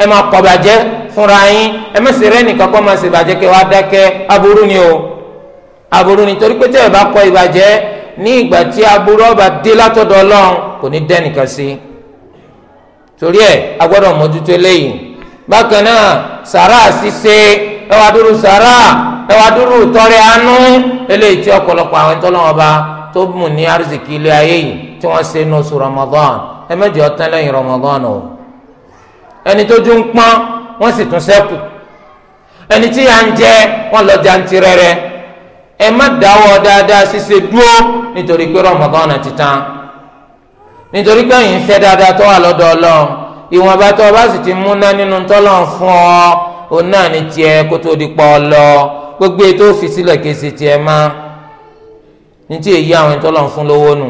ẹ máa kọ́ bàjẹ́ fúnra yín ẹ mẹ́sẹ̀ rẹ́ nìkan kọ́ máa ṣe bàjẹ́ kẹ́ wàá dákẹ́ aburú ni o aburú ni torí pé tẹ́ ẹ bá kọ́ ìbàjẹ́ ní ìgbà tí aburú ọba dé látọ̀dọ̀ ọlọ́run kò ní dẹ́nìkan sí torí ẹ agbọ́dọ̀ mójútó eléyìí bákan náà sàrà ṣíṣe ẹ wàá dúró sàrà ẹ wàá dúró tọrẹ àánú eléyìí tí ọ̀pọ̀lọpọ̀ àwọn ìtọ́lọ́wọ́n ọba tó mú ní arzikí ilé ayé yìí tí wọ́n ṣe ní oṣù ẹ mẹ́jọ tán lẹ́yìn Ramadan o ẹni tójú ń pọ́n wọ́n sì tún ṣẹ́kù ẹni tí yà ń jẹ wọ́n lọ jantì rẹ̀rẹ̀ ẹ má dáwọ́ dáadáa ṣíṣe dúró nítorí pé Ramadan ti tán nítorí pé òyìn fẹ́ dáadáa tó wà lọ́dọ̀ Ọlọ́run ìwọ̀nba tó o bá sì ti múná nínú tọ́lọ́run fún ọ òun náà ní tiẹ̀ kó tó di pọ̀ lọ gbogbo ètò òfìsílẹ̀ kìí ṣe tiẹ̀ má ní tí èyí àwọn ìtọ́lọ́run fún lówó nù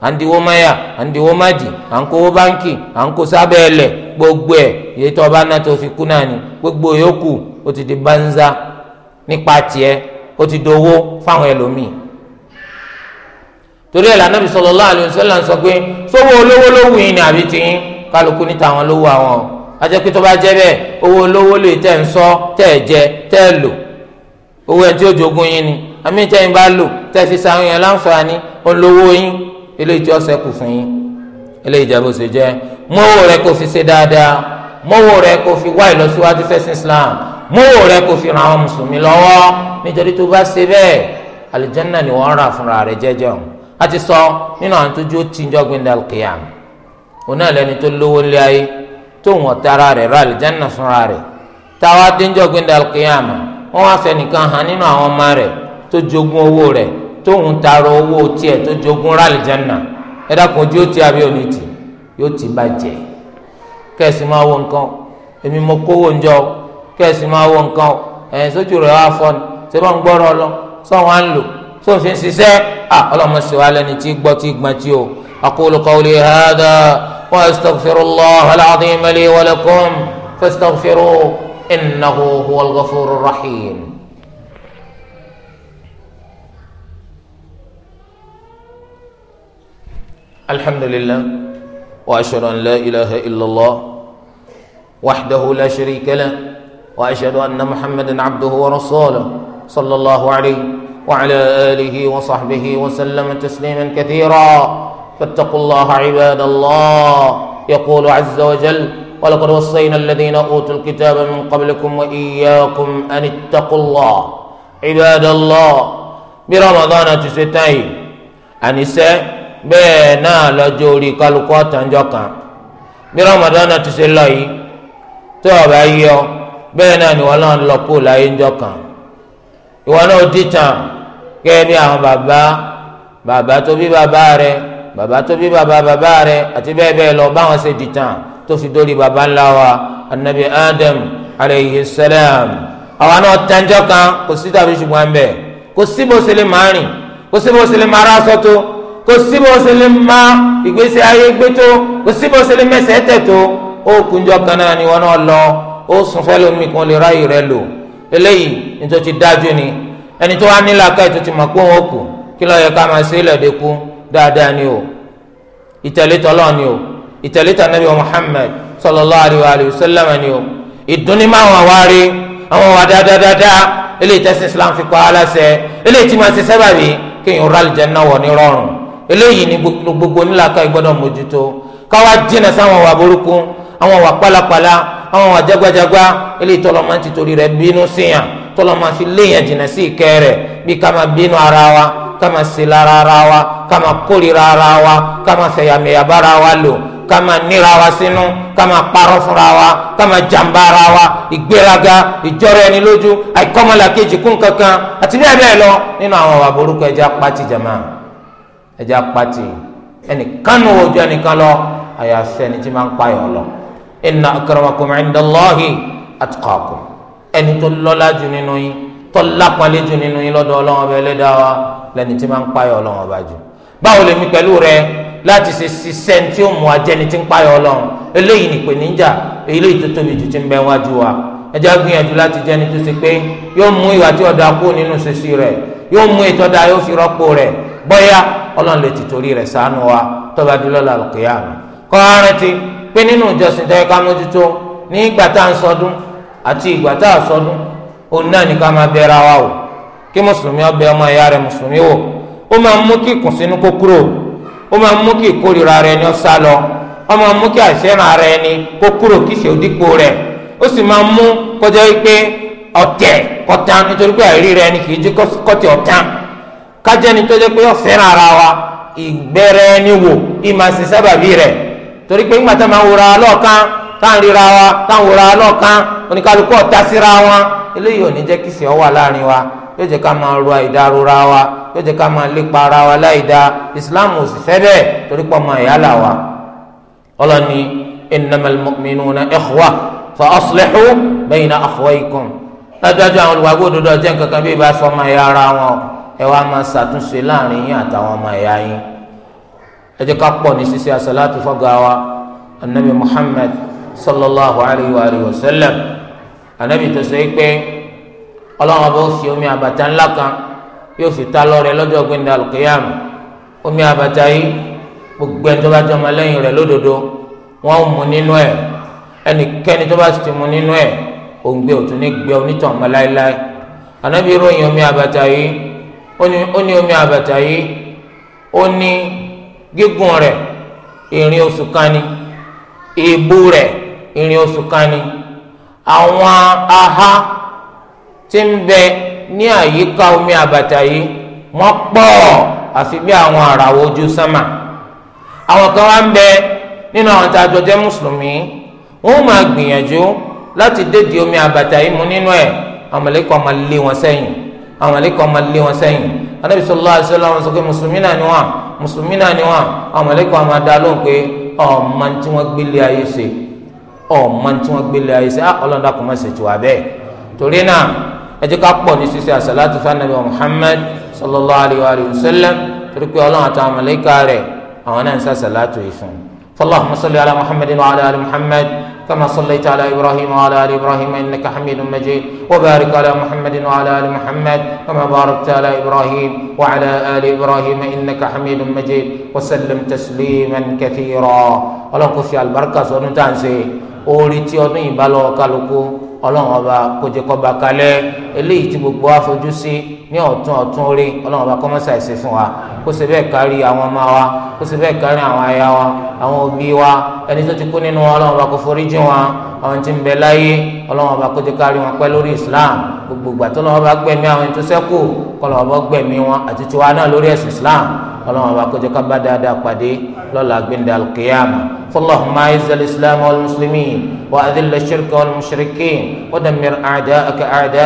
à ń diwó máyà à ń diwó májì à ń kówó báńkì à ń kó sábẹ́ gbogbo ẹ̀ iye tó ọba náà tó fi kú náà ni gbogbo yòókù ó ti di banza nípa tiẹ̀ ó ti dowó fáwọn ẹlòmíì torí ẹ̀ lànà sallallahu alaihi wasallam sọ pé sówó olówó ló wù yín ni àbí tiyín kálukú níta àwọn lówó àwọn o ajẹ́pẹ́ tó bá jẹ́ bẹ́ẹ̀ owó olówó lè tẹ̀ ń sọ tẹ̀ jẹ tẹ̀ lò owó ẹ̀ tí ó jogún yín ni àmì eléyìí tí ó ṣẹ́kù fún yín eléyìí jẹ́ bó ṣe jẹ́ mọ́wó rẹ kó fi ṣe dáadáa mọ́wó rẹ kó fi wá ìlọsíwájú fẹ́sìn Islam mọ́wó rẹ kó fi ràn àwọn mùsùlùmí lọ́wọ́ nítorí tó bá ṣe bẹ́ẹ̀ alìjẹ́nà ni wọ́n rà fúnra rẹ̀ jẹ́jọ́ a ti sọ nínú àwọn tó jó tíjọ́ gbẹ̀ndà kìyàm òun náà tó lówó ńlẹ̀ ayé tó wọ́n tara rẹ̀ rà alìjẹ́nà fúnra rẹ̀ táwa díjọ́ gbẹ̀ndà kìyàm wọ́n wá fẹ́ nìkan hàn nínú àwọn ọmọ rẹ̀ tó jogún owó rẹ̀ tóun taara owó tiẹ̀ tó jogún rálì jẹ́nà ẹ dákun ojú ó ti àbí òní tì yóò ti bàjẹ́ kẹ́sì máa wo nǹkan èmi mo kówó ń jọ kẹ́sì máa wo nǹkan ẹ̀yìn sójú rẹ̀ wá fọ́ ni ṣé bá ń gbọ́rọ̀ lọ sọ́wọ́n á ń lò sóun fi ń ṣiṣẹ́ à ọlọ́mọ sì wá lẹ́ni tí gbọ́ tí gbọ́n tí o aqulu qawli hadha wa astaghfirullaha al-azima li wa lakum fastaghfiruhu rahim. الحمد لله وأشهد أن لا إله إلا الله وحده لا شريك له وأشهد أن محمدا عبده ورسوله صلى الله عليه وعلى آله وصحبه وسلم تسليما كثيرا فاتقوا الله عباد الله يقول عز وجل ولقد وصينا الذين أوتوا الكتاب من قبلكم وإياكم أن اتقوا الله عباد الله برمضان تسيتين أنساء bẹ́ẹ̀ náà lọ́jọ́ orí kálukú ọ̀tànjọ́ kan bí Ramadan ti ṣe lọ yìí tó o bá yọ bẹ́ẹ̀ náà ni wọn náà lọ kó láyé ńjọ́ kan ìwọ náà di tàn kẹ́ bí àwọn bàbá bàbá tó bí bàbá rẹ bàbá tó bí bàbá bàbá rẹ àti bẹ́ẹ̀ bẹ́ẹ̀ lọ báwọn ṣe di tàn tó fi dórí bàbá ńlá wa anabi Adam alayhi salam àwọn náà tànjọ́ kan kò sí tàbí ṣùgbọ́n bẹ́ẹ̀ kò sí bó ṣe lè máa rìn kò sí bó ṣe lè máa rásọ tó kò sí bó ṣe lè ma ìgbésí ayé gbé tó kò sí bó ṣe lè mẹsẹ̀ tẹ̀ tó ó kunjọ kan náà ni wọn náà lọ ó sùn fẹ́lẹ́ omi kan lè ráyè rẹ lò eléyìí nítorí ti dájú ni ẹni tó wá nílò aká ètò ti mọ̀ pé òun ò kù kí lọ́ọ́ yẹ ká máa ṣe lẹ́ẹ̀dẹ́ dáadáa ni o ìtẹ̀lé tọ́lọ́ ni o ìtẹ̀lé tànàbí Muhammad sallallahu alayhi wa sallam ni o ìdúnni máa wà wá rí àwọn wà dáadáa eléyìí tẹ́sí Islam fi pa á láṣẹ eléyìí tí máa ṣe sábàbí kéèyàn rálì jẹ́ náà wọ̀ ní rọrùn eléyìí ni gbogbo nílàkà ìgbọ́dọ̀ mójútó káwá jìnnà sáwọn wà burúkú àwọn wà pálapàla àwọn wà jágbájágbá eléyìí tọ́lọ́ máa ń ti torí rẹ̀ bínú síyàn tọ́lọ́ máa fi léyìn jìnnà sí ìkẹ́ rẹ̀ bí ká máa bínú ara wa ká máa ṣèlára ara wa ká máa kórìíra ara wa ká máa fẹ̀yàmẹ̀yà bára wa lò ká máa níra wa sínú ká máa parọ́ fúnra wa ká máa jàǹbá ara wa ìgbéraga ìjọra ẹni lójú àìkọ́mọlàkejì kún kankan àti bẹ́ẹ̀ bẹ́ẹ̀ lọ nínú àwọn wà ẹja pátì jàmáà ẹja pati ẹnìkan kanu ojú ẹnìkan lọ àyàfẹ́ ẹni tí máa ń payọ̀ lọ inna akramakum indallahi atqakum ẹni tó lọ́lá jù nínú yín tó lápalẹ̀ jù nínú yín lọ́dọ̀ ọlọ́wọ́n bẹ́ẹ̀ lẹ́dá wa lẹ́ni tí máa ń payọ̀ ọlọ́wọ́n bá jù báwo lèmi pẹ̀lú rẹ láti ṣe ṣiṣẹ́ tí ó mú ajẹ́ni tí ń payọ̀ ọlọ́run eléyìí nìpèníjà eléyìí tó tóbi jù ti ń bẹ wájú wa ẹjẹ́ gbìyànjú láti jẹ́ni tó ṣe pé yóò mú ìwà tí ọ̀dà kú nínú ṣèṣì rẹ̀ yóò mú ètò ọ̀dà yóò fi rọ́pò rẹ̀ bọ́yá ọlọ́run lè ti torí rẹ̀ sànù wa tọ́ba dúlọ́lá al-qiyāmah kọ́ arántí pé nínú ìjọsìn tó yẹ ká mójútó ní ìgbà tá à ń sọdún àti ìgbà tá à sọdún òun náà ní ká máa bẹ̀rẹ̀ wa wò kí mùsùlùmí ó bẹ ọmọ ìyá rẹ̀ mùsùlùmí wò ó máa mú kí ìkùnsínú kó kúrò ó máa mú kí ìkórìíra rẹ̀ ni ó sá lọ ó máa mú kí àìsẹ́ràn ara ẹni kó kúrò kí ṣe òdìpọ̀ rẹ̀ ó sì máa mú kọjá wípé ọ̀tẹ̀ kọ̀tàn nítorí pé àìrí rẹ̀ ni kì í jẹ́ kọ́tẹ̀ ọ̀tàn kájẹni tó jẹ́ pé yọ fẹ́ràn ara wa ìgbẹ́rẹ́ ni wò ìmọ̀ sí sábàbí rẹ̀ torí pé ńgbà tá a máa wòra lọ́ọ̀kan táwọn ríra wa táwọn wòra lọ́ọ̀kan oníkálukú ọ̀tá síra wọn eléyìí ò ní jẹ́ kí sèọ́ wà láàrin wa yóò jẹ́ ká máa ro àìdárora wa yóò jẹ́ ká máa lépa ara wa láìda islam ò sì fẹ́ bẹ́ẹ̀ torí pé ọmọ ìyá là wa ọlọ́ni innamal mu'minuna ikhwa fa aslihu bayna akhwaykum dájúdájú àwọn olùwàgbọ́ òdodo ọjọ́ nǹkan kan bí ibà sọ ọmọ ìyá ara wọn ẹ wá máa ṣàtúnṣe láàrin yín àtàwọn ọmọ ẹ̀yà yín ẹ jẹ́ ká pọ̀ ní ṣíṣe àṣàlátù fọ́gà wa anabi muhammad sallallahu alayhi wa alayhi wa sallam anabi tó sọ pé ọlọ́run ọba ó fi omi àbàtà ńlá kan yóò fi ta lọ́rẹ lọ́jọ́ gbẹ̀ndà alùkìyàmù omi àbàtà yìí gbogbo ẹni tó bá jọmọ lẹ́yìn rẹ̀ lódodo wọ́n mú nínú ẹ̀ ẹnikẹ́ni tó bá ti mú nínú ẹ̀ òǹgbẹ òtún ní gbẹ onítàn mọ́ láéláé anabi ròyìn omi àbàtà yìí ó ní omi àbàtà yìí ó ní gígùn rẹ̀ ìrìn oṣù kan ni èèbù rẹ̀ ìrìn oṣù kan ni àwọn aha ti ń bẹ ní àyíká omi àbàtà yìí wọ́n pọ̀ àfi bí àwọn àràwọ̀ ojú sánmà àwọn kan wá ń bẹ nínú àwọn tá a jọ jẹ́ mùsùlùmí wọ́n máa gbìyànjú láti dédìí omi àbàtà yìí mu nínú ẹ̀ àmọ̀lẹ́kọ̀ọ́ máa lé wọn sẹ́yìn. àwọn àlekọ ọmọ lé wọn sẹ́yìn anabi sọlá àṣẹlá wọn sọ pé mùsùlùmí náà ni wọn mùsùlùmí náà ni wọn àwọn àlekọ ọmọ adá lóhùn pé ọmọ tí wọn gbélé ayé ṣe ọmọ tí wọn gbélé ayé ṣe ah, ọlọ́dà kò má ṣe tù wá bẹ́ẹ̀ torí náà ẹ ká pọ̀ ní ṣíṣe àṣàlátù fanabi muhammad sallallahu alayhi wa sallam torí pé ọlọ́run àtàwọn àmàlẹ́kà rẹ̀ àwọn náà ń ṣe àṣàlátù yìí fún un. fọlọ́ كما صليت على إبراهيم وعلى آل إبراهيم إنك حميد مجيد وبارك على محمد وعلى آل محمد كما باركت على إبراهيم وعلى آل إبراهيم إنك حميد مجيد وسلم تسليما كثيرا ọlọ́run كثير البركة àlùbáríkà sọ́dún tá à ọlọ́run ọba kójẹ kọba kalẹ̀ eléyìí tí gbogbo wa fojú sí ní ọ̀tún ọ̀tún orí ọlọ́run ọba kọ́mọ́sà ẹ̀sẹ̀ fún wa kó ṣe bẹ́ẹ̀ kárí àwọn ọmọ wa kó ṣe bẹ́ẹ̀ kárí àwọn aya wa àwọn òbí wa ẹni tó ti kú nínú wa ọlọ́run ọba kó foríjì wa àwọn tí ń bẹ láyé ọlọ́run ọba kó ti kárí wọn pẹ́ lórí islam gbogbo ìgbà tó lọ́wọ́ bá gbẹ̀mí àwọn tó sẹ́kù kọlọ́ ọba gbẹ̀mí wọn àti tiwa náà lórí ẹ̀sìn islam ọlọ́run ọba kó ti ká bá dáadáa pàdé lọ́la gbẹ̀ndẹ̀ alqiyama fọlọ́hùnmá isal islam wal muslimin wa adilla shirka wal mushrikin wa damir a'da'aka a'da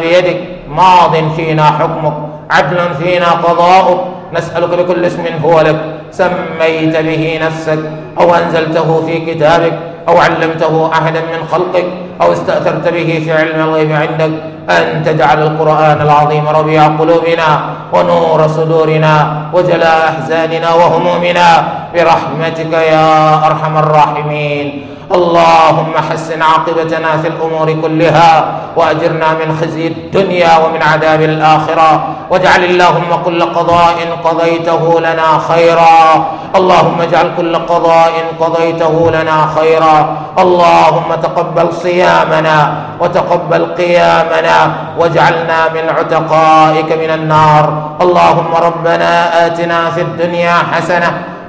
بيدك ماض فينا حكمك عدل فينا قضاؤك نسألك بكل اسم هو لك سميت به نفسك أو أنزلته في كتابك أو علمته أحدا من خلقك أو استأثرت به في علم الغيب عندك أن تجعل القرآن العظيم ربيع قلوبنا ونور صدورنا وجلاء أحزاننا وهمومنا برحمتك يا أرحم الراحمين اللهم حسن عاقبتنا في الأمور كلها وأجرنا من خزي الدنيا ومن عذاب الآخرة واجعل اللهم كل قضاء قضيته لنا خيرا اللهم اجعل كل قضاء قضيته لنا خيرا اللهم تقبل صيامنا وتقبل قيامنا واجعلنا من عتقائك من النار اللهم ربنا آتنا في الدنيا حسنة